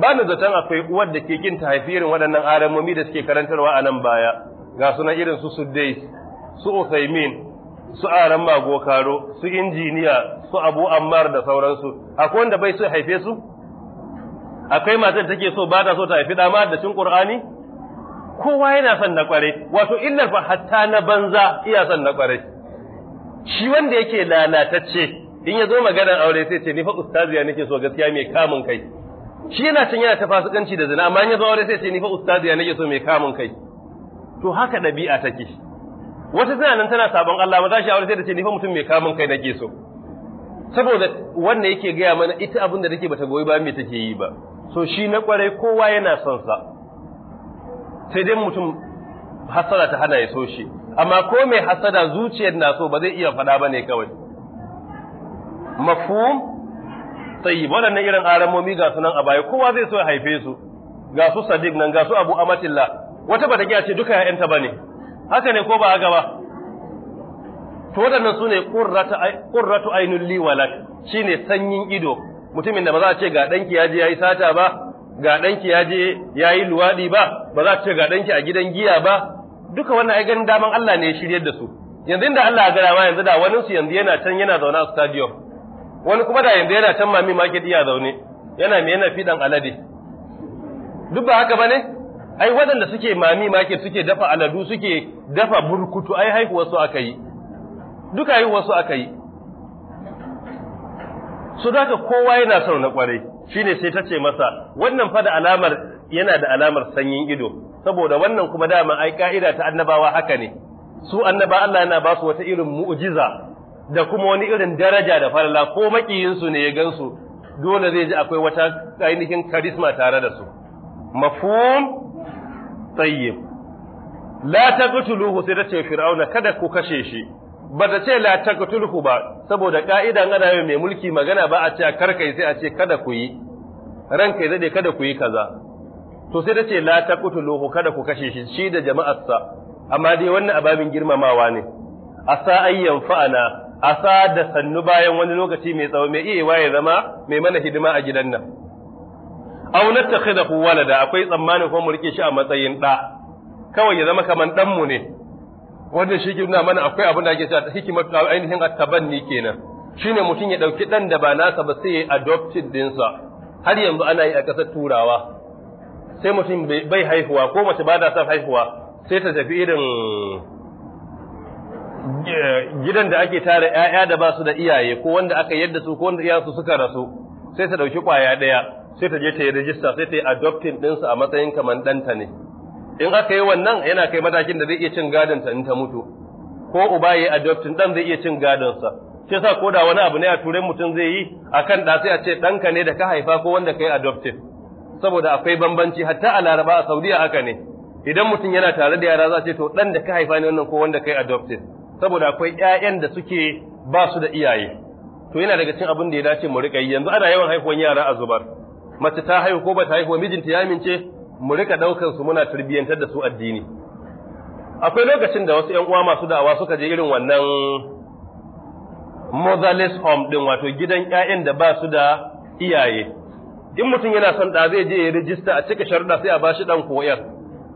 ba ni zaton akwai uwar da ke kin ta haifi waɗannan aramomi da suke karantarwa a nan baya ga sunan irin su Suddais su Uthaymin su aran mago karo su injiniya su abu ammar da sauransu akwai wanda bai so haife su akwai da take so ba ta so ta haifi dama da cin qur'ani kowa yana son na kware wato illar fa hatta na banza iya son na kware shi wanda yake lalatacce in ya zo magana aure sai ce ni fa ustaziya nake so gaskiya mai kamun kai shi yana cin yana ta fasikanci da zina amma in ya zo aure sai ce ni fa ustaziya nake so mai kamun kai to haka ɗabi'a take wata suna nan tana sabon Allah ba za shi aure sai da ce ni fa mutum mai kamun kai na ke so saboda wanda yake gaya mana ita abin da take bata goyi ba me take yi ba so shi na kwarai kowa yana son sa sai dai mutum hasada ta hana ya so shi amma ko mai hasada zuciyar na so ba zai iya fada ba ne kawai mafhum tayyib waɗannan irin aramomi ga sunan a baya kowa zai so ya haife su ga su sadiq nan ga su abu amatilla wata ba ta ce duka 'ya'yanta ba ne haka ne ko ba haka ba to waɗannan su ne ƙurratu ainun liwalak shi ne sanyin ido mutumin da ba za a ce ga ɗanki ya je ya yi sata ba ga ɗanki ya je ya yi luwaɗi ba ba za a ce ga ɗanki a gidan giya ba duka wannan ai ganin daman Allah ne ya shiryar da su yanzu inda Allah ya gara ma yanzu da wani su yanzu yana can yana zaune a stadium wani kuma da yanzu yana can mami market iya zaune yana me yana fidan alade duk ba haka ba ne? ai waɗanda suke mami make suke dafa aladu suke dafa burkutu ai haihuwar su aka yi duka haihuwar su aka yi su da kowa yana son na kwarai shine sai ta ce masa wannan fa da alamar yana da alamar sanyin ido saboda wannan kuma dama ai ka'ida ta annabawa haka ne su annaba Allah yana ba su wata irin mu'jiza da kuma wani irin daraja da falala ko makiyinsu ne ya gansu dole zai ji akwai wata ainihin karisma tare da su mafhum tayyib la taqtuluhu sai tace fir'auna kada ku kashe shi bata ce la taqtuluhu ba saboda an ana mai mulki magana ba a ce karkai sai a ce kada ku yi ranka ya dade kada ku yi kaza to sai tace la taqtuluhu kada ku kashe shi shi da jama'arsa amma dai wannan ababin girmamawa ne asa ayyan fa'ana asa da sannu bayan wani lokaci mai tsawo mai iya waye zama mai mana hidima a gidan nan aw nattakhidahu walada akwai tsammanin ko mu rike shi a matsayin da kawai ya zama kaman dan mu ne wannan shi kina mana akwai abin da ake cewa hikimatu ainihin at-tabanni kenan shine mutum ya dauki dan da ba nasa ba sai ya adopted dinsa har yanzu ana yi a ƙasar turawa sai mutum bai haihuwa ko mace ba da son haihuwa sai ta tafi irin eh, gidan da ake tara ‘ya'ya da ba su da iyaye ko wanda aka yadda su ko wanda su suka rasu sai ta ɗauki ƙwaya daya sai ta je ta yi rijista sai ta yi adopting ɗinsa a matsayin kamar ɗanta ne in aka yi wannan yana kai matakin da zai iya cin gadon ta in ta mutu ko uba ya yi adopting ɗan zai iya cin gadon sa shi sa ko da wani abu ne a turai mutum zai yi akan da sai a ce ɗanka ne da ka haifa ko wanda ka yi adopting saboda akwai bambanci hatta a laraba a saudiya haka ne idan mutum yana tare da yara za a ce to ɗan da ka haifa ne wannan ko wanda ka yi adopting saboda akwai ƴaƴan da suke ba su da iyaye to yana daga cin abin da ya dace mu riƙa yi yanzu ana yawan haihuwar yara a zubar mace ta haihu ko bata haihu mijinta ya mince mu rika daukan su muna tarbiyyantar da su addini akwai lokacin da wasu ƴan uwa masu da'awa suka je irin wannan motherless home din wato gidan ƴaƴan da ba su da iyaye in mutum yana son da zai je ya rijista a cika sharuɗa sai a bashi dan koyar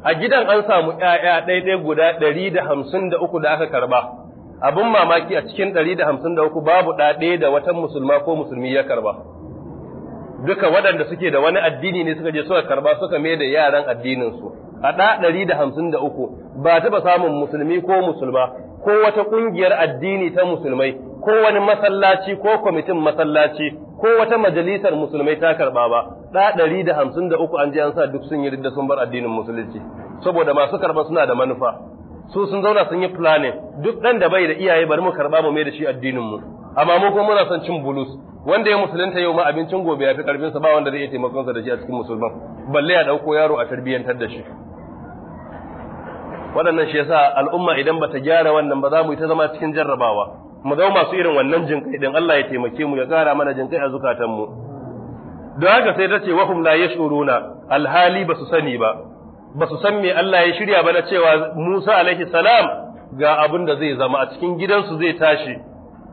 a gidan an samu ƴaƴa ɗaiɗai guda ɗari da hamsin da uku da aka karba abin mamaki a cikin ɗari da hamsin da uku babu ɗaɗe da wata musulma ko musulmi ya karba duka waɗanda suke da wani addini ne suka je suka karba suka mai da yaran addininsu a ɗa ɗari da hamsin da uku ba taɓa samun musulmi ko musulma ko wata ƙungiyar addini ta musulmai ko wani masallaci ko kwamitin masallaci ko wata majalisar musulmai ta karɓa ba ɗa ɗari da hamsin da uku an ji an sa duk sun yi da sun bar addinin musulunci saboda masu karɓa suna da manufa su sun zauna sun yi planning duk ɗan da bai da iyaye bari mu karɓa mu mai da shi addinin mu amma mu muna son cin bulus wanda ya musulunta yau ma abincin gobe ya fi karfinsa ba wanda zai iya taimakon sa da shi a cikin musulman balle ya dauko yaro a tarbiyyantar da shi waɗannan shi yasa al'umma idan bata gyara wannan ba za mu yi ta zama cikin jarrabawa mu zama masu irin wannan jinkai din Allah ya taimake mu ya kara mana jinkai a zukatan mu don haka sai ta ce wahum la yashuruna alhali basu sani ba basu san me Allah ya shirya ba na cewa Musa alaihi salam ga abin da zai zama a cikin gidansu zai tashi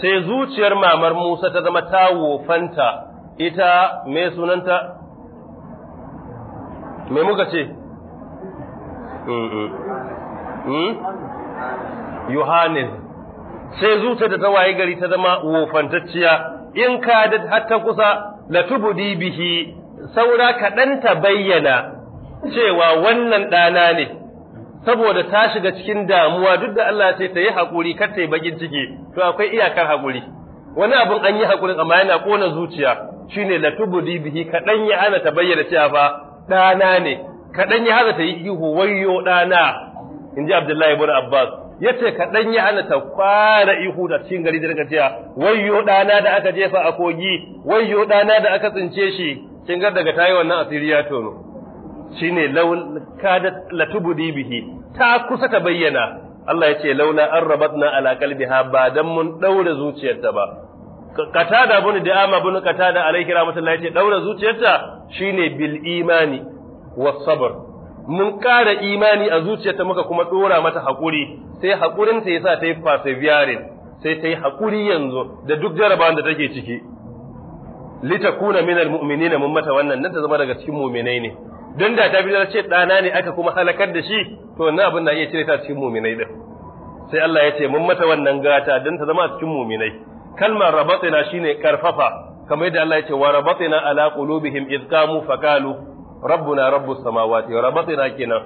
sai zuciyar mamar Musa ta zama ta wofanta ita mai sunanta me muka ce mm, mm. Mm? Yohanes sai zuciyar ta tawaye gari ta zama wofantacciya in ka da hatta kusa latubudi bihi saura kaɗan ta bayyana cewa wannan ɗana ne saboda ta shiga cikin damuwa duk da Allah ce ta yi haƙuri kar ta yi bakin ciki to akwai iyakar haƙuri wani abin an yi haƙurin amma yana kona zuciya shine tubudi bihi kaɗan ya hana ta bayyana cewa fa ɗana ne kaɗan ya hana ta yi ihu wayyo ɗana in ji Abdullahi ibn Abbas yace kaɗan ya hana ta fara ihu da cikin gari da daga cewa wayyo ɗana da aka jefa a kogi wayyo ɗana da aka tsince shi kin ga daga tayi wannan asiriya ya tono shi ne kadat bihi ta kusa ta bayyana Allah ya ce launa an na ala biha ba don mun ɗaura zuciyarta ba katada bin da ama bin katada alaihi ya ce ɗaura zuciyarta shine bil imani wa sabar. mun ƙara imani a zuciyarta muka kuma ɗora mata haƙuri, sai haƙurin ta yasa ta yi persevering sai ta yi haƙuri yanzu da duk jarabawan da take ciki Lita kuna minal mu'minina mun mata wannan nan ta zama daga cikin mu'minai ne don da ta fi ce ɗana ne aka kuma halakar da shi to wannan abin na iya cire ta cikin muminai din sai Allah ya ce mun mata wannan gata don ta zama cikin muminai kalmar rabatina shine karfafa kamar yadda Allah ya ce wa rabatina ala qulubihim idh qamu faqalu rabbuna rabbus samawati wa rabatina kenan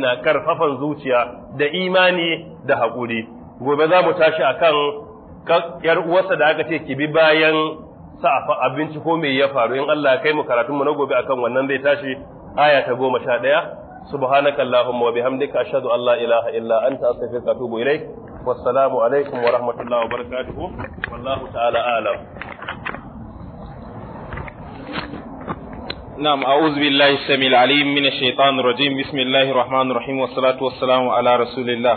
na karfafan zuciya da imani da haƙuri? gobe za mu tashi akan yar uwarsa da aka ce ki bi bayan sa abinci ko me ya faru in Allah ya kai mu karatun mu na gobe akan wannan zai tashi aya ta goma sha ɗaya subhanaka allahumma wa bihamdika ashhadu an la ilaha illa anta astaghfiruka wa atubu alaikum wa rahmatullahi wa barakatuh wallahu ta'ala a'lam Na'am أعوذ بالله السميع العليم من الشيطان الرجيم بسم الله الرحمن الرحيم والصلاة والسلام على رسول الله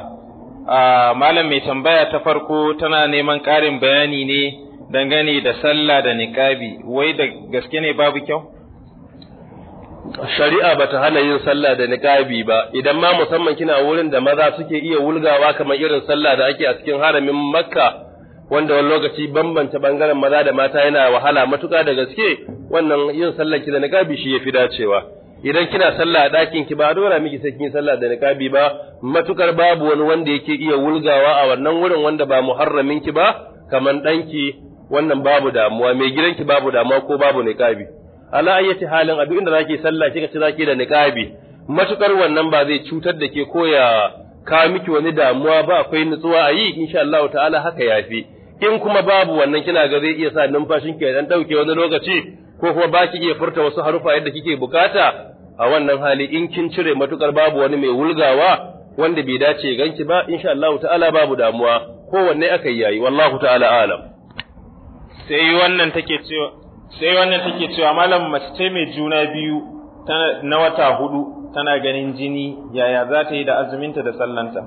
آه ما لم يتنبأ تفرقوا تنا نيمان كارم بياني dangane da sallah da niqabi wai da gaske ne babu kyau shari'a bata hana yin sallah da niqabi ba idan ma musamman kina wurin da maza suke iya wulgawa kamar irin sallah da ake a cikin haramin makka wanda wani lokaci bambanta bangaren maza da mata yana wahala matuƙa da gaske wannan yin sallah ki da niqabi shi yafi dacewa idan kina sallah a ɗakin ki ba dora miki sai kin sallah da niqabi ba matuƙar babu wani wanda yake iya wulgawa a wannan wurin wanda ba muharramin ki ba kaman danki wannan babu damuwa mai gidanki babu damuwa ko babu niqabi ala ayyati halin abu inda zaki sallah kika ci zaki da niqabi matukar wannan ba zai cutar da ke ko ya miki wani damuwa ba akwai nutsuwa ayi, yi insha Allah ta'ala haka yafi in kuma babu wannan kina ga zai iya sa numfashin ki dan dauke wani lokaci ko kuma baki iya furta wasu harufa yadda kike bukata a wannan hali in kin cire matukar babu wani mai wulgawa wanda bai dace ganki ba insha Allah ta'ala babu damuwa kowanne aka yayi wallahu ta'ala alam sai wannan take cewa sai wannan take cewa malam mace ce mai juna biyu na wata hudu tana ganin jini yaya za ta yi da azuminta da sallanta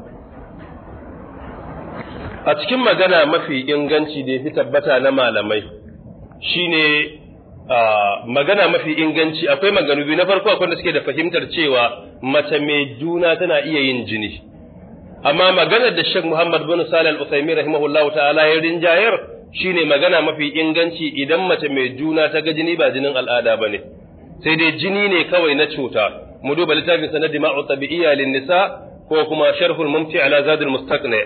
a cikin magana mafi inganci da fi tabbata na malamai shine magana mafi inganci akwai maganu biyu na farko akwai da suke da fahimtar cewa mace mai juna tana iya yin jini amma maganar da Sheikh Muhammad bin Salih Al-Uthaymeen rahimahullahu ta'ala ya rinjayar Shi ne magana mafi inganci idan mace mai juna ta ga jini ba jinin al'ada ba ne. sai dai jini ne kawai na cuta mu duba littafin sanadi ma'u tabi'iyya lin nisa ko kuma sharhul mumti ala zadul mustaqni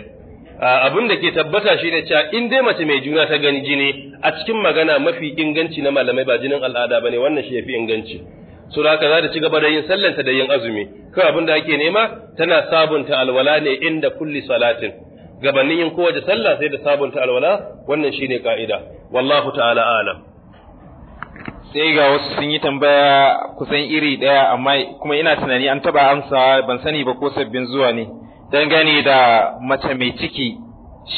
abin da ke tabbata shi ne cewa in dai mace mai juna ta gani jini a cikin magana mafi inganci na malamai ba jinin al'ada bane wannan shi yafi inganci so da haka za ta ci gaba da yin sallanta da yin azumi kawai abin da ake nema tana sabunta alwala ne inda kulli salatin gabanin yin kowace sallah sai da sabunta alwala wannan shine ka'ida wallahu ta'ala alam sai ga wasu sun yi tambaya kusan iri daya amma kuma ina tunani an taba amsa ban sani ba ko sabbin zuwa ne dangane da mace mai ciki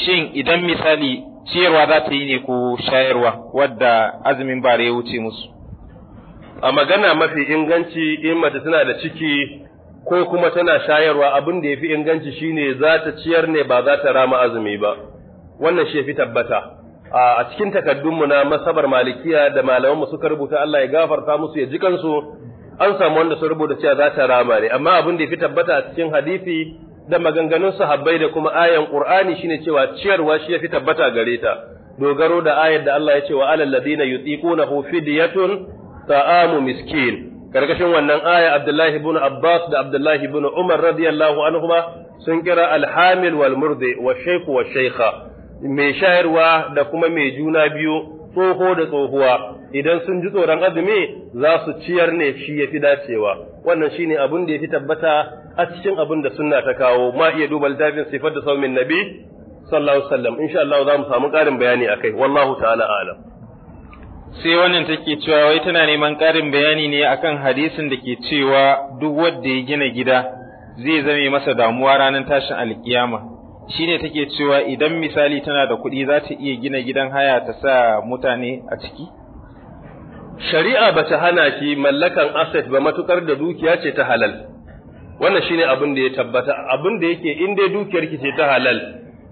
shin idan misali ciyarwa za ta yi ne ko shayarwa wadda azumin bare ya wuce musu a magana mafi inganci in mace tana da ciki ko kuma tana shayarwa abin da ya fi inganci shine za ta ciyar ne ba za ta rama azumi ba wannan shi fi tabbata a cikin takaddunmu na masabar malikiya da malamanmu suka rubuta Allah ya gafarta musu ya ji kansu an samu wanda su rubuta cewa za ta rama ne amma abin da ya fi tabbata a cikin hadisi da maganganun sahabbai da kuma ayan qur'ani shine cewa ciyarwa shi ya fi tabbata gare ta dogaro da ayar da Allah ya ce wa alal ladina yutiquna fidyatun ta'amu miskin karkashin wannan aya Abdullahi ibn Abbas da Abdullahi ibn Umar radiyallahu anhuma sun kira alhamil wal murdi wa shaykh wa shaykha mai shayarwa da kuma mai juna biyu tsoho da tsohuwa idan sun ji tsoron azumi za su ciyar ne shi yafi dacewa wannan shine abin da fi tabbata a cikin abin da sunna ta kawo ma iya duba littafin sifar da saumin nabi sallallahu alaihi wasallam insha Allah za mu samu ƙarin bayani akai wallahu ta'ala a'lam sai wannan take cewa wai tana neman ƙarin bayani ne akan hadisin da ke cewa duk wanda ya gina gida zai zame masa damuwa ranar tashin alkiyama shine take cewa idan misali tana da kuɗi za ta iya gina gidan haya ta sa mutane a ciki shari'a ba ta hana ki mallakan asset ba matukar da dukiya ce ta halal wannan shine abin da ya tabbata abin da yake in dai dukiyar ki ce ta halal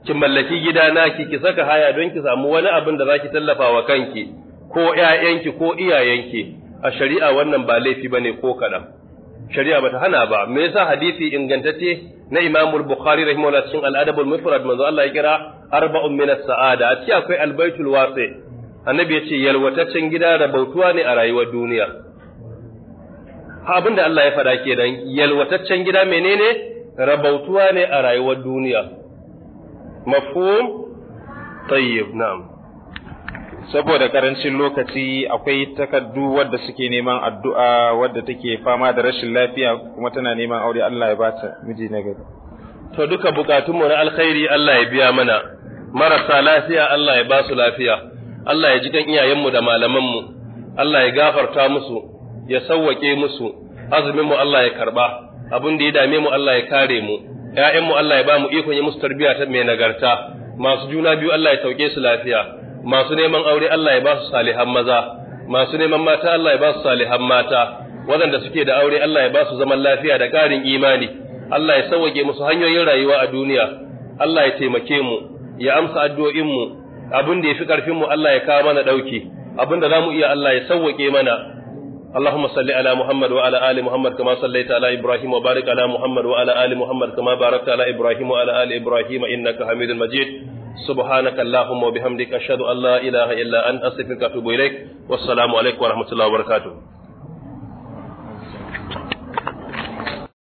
ki mallaki gida naki ki saka haya don ki samu wani abin da zaki tallafa wa kanki ko ‘ya'yanki ko iyayenki a shari'a wannan ba laifi ba ne ko kaɗan. Shari'a ba ta hana ba, me yasa hadisi ingantacce na Imamul Bukhari rahimahullah cikin al'adabul mufrad manzo Allah ya kira arba'un min saada a ciki akwai albaitul wasi annabi ya ce yalwataccen gida rabautuwa ne a rayuwar duniya. Abin da Allah ya faɗa kenan yalwataccen gida menene rabautuwa ne a rayuwar duniya. Mafhum? Tayyib, na'am. saboda karancin lokaci akwai takardu wadda suke neman addu'a wadda take fama da rashin lafiya kuma tana neman aure Allah ya bata miji na gari to duka bukatunmu na alkhairi Allah ya biya mana marasa lafiya Allah ya ba su lafiya Allah ya ji kan iyayenmu da malamanmu Allah ya gafarta musu ya sawwake musu azuminmu Allah ya karba abin da ya dame mu Allah ya kare mu ƴaƴanmu Allah ya ba mu ikon yi musu tarbiyya ta mai nagarta masu juna biyu Allah ya sauke su lafiya masu neman aure Allah ya ba su salihan maza masu neman mata Allah ya ba su salihan mata waɗanda suke da aure Allah ya ba su zaman lafiya da ƙarin imani Allah ya sauwake musu hanyoyin rayuwa a duniya Allah ya taimake mu ya amsa addu'o'in mu abin da ya fi ƙarfinmu Allah ya kawo mana ɗauki abin da za mu iya Allah ya sauwake mana اللهم صل على محمد وعلى ال محمد كما صليت على ابراهيم وبارك على محمد وعلى ال محمد كما باركت على ابراهيم وعلى ال ابراهيم انك حميد مجيد subhanaka allahumma wa bihamdika ashhadu an la ilaha illa anta astaghfiruka kafi atubu ilaik wassalamu alaikum wa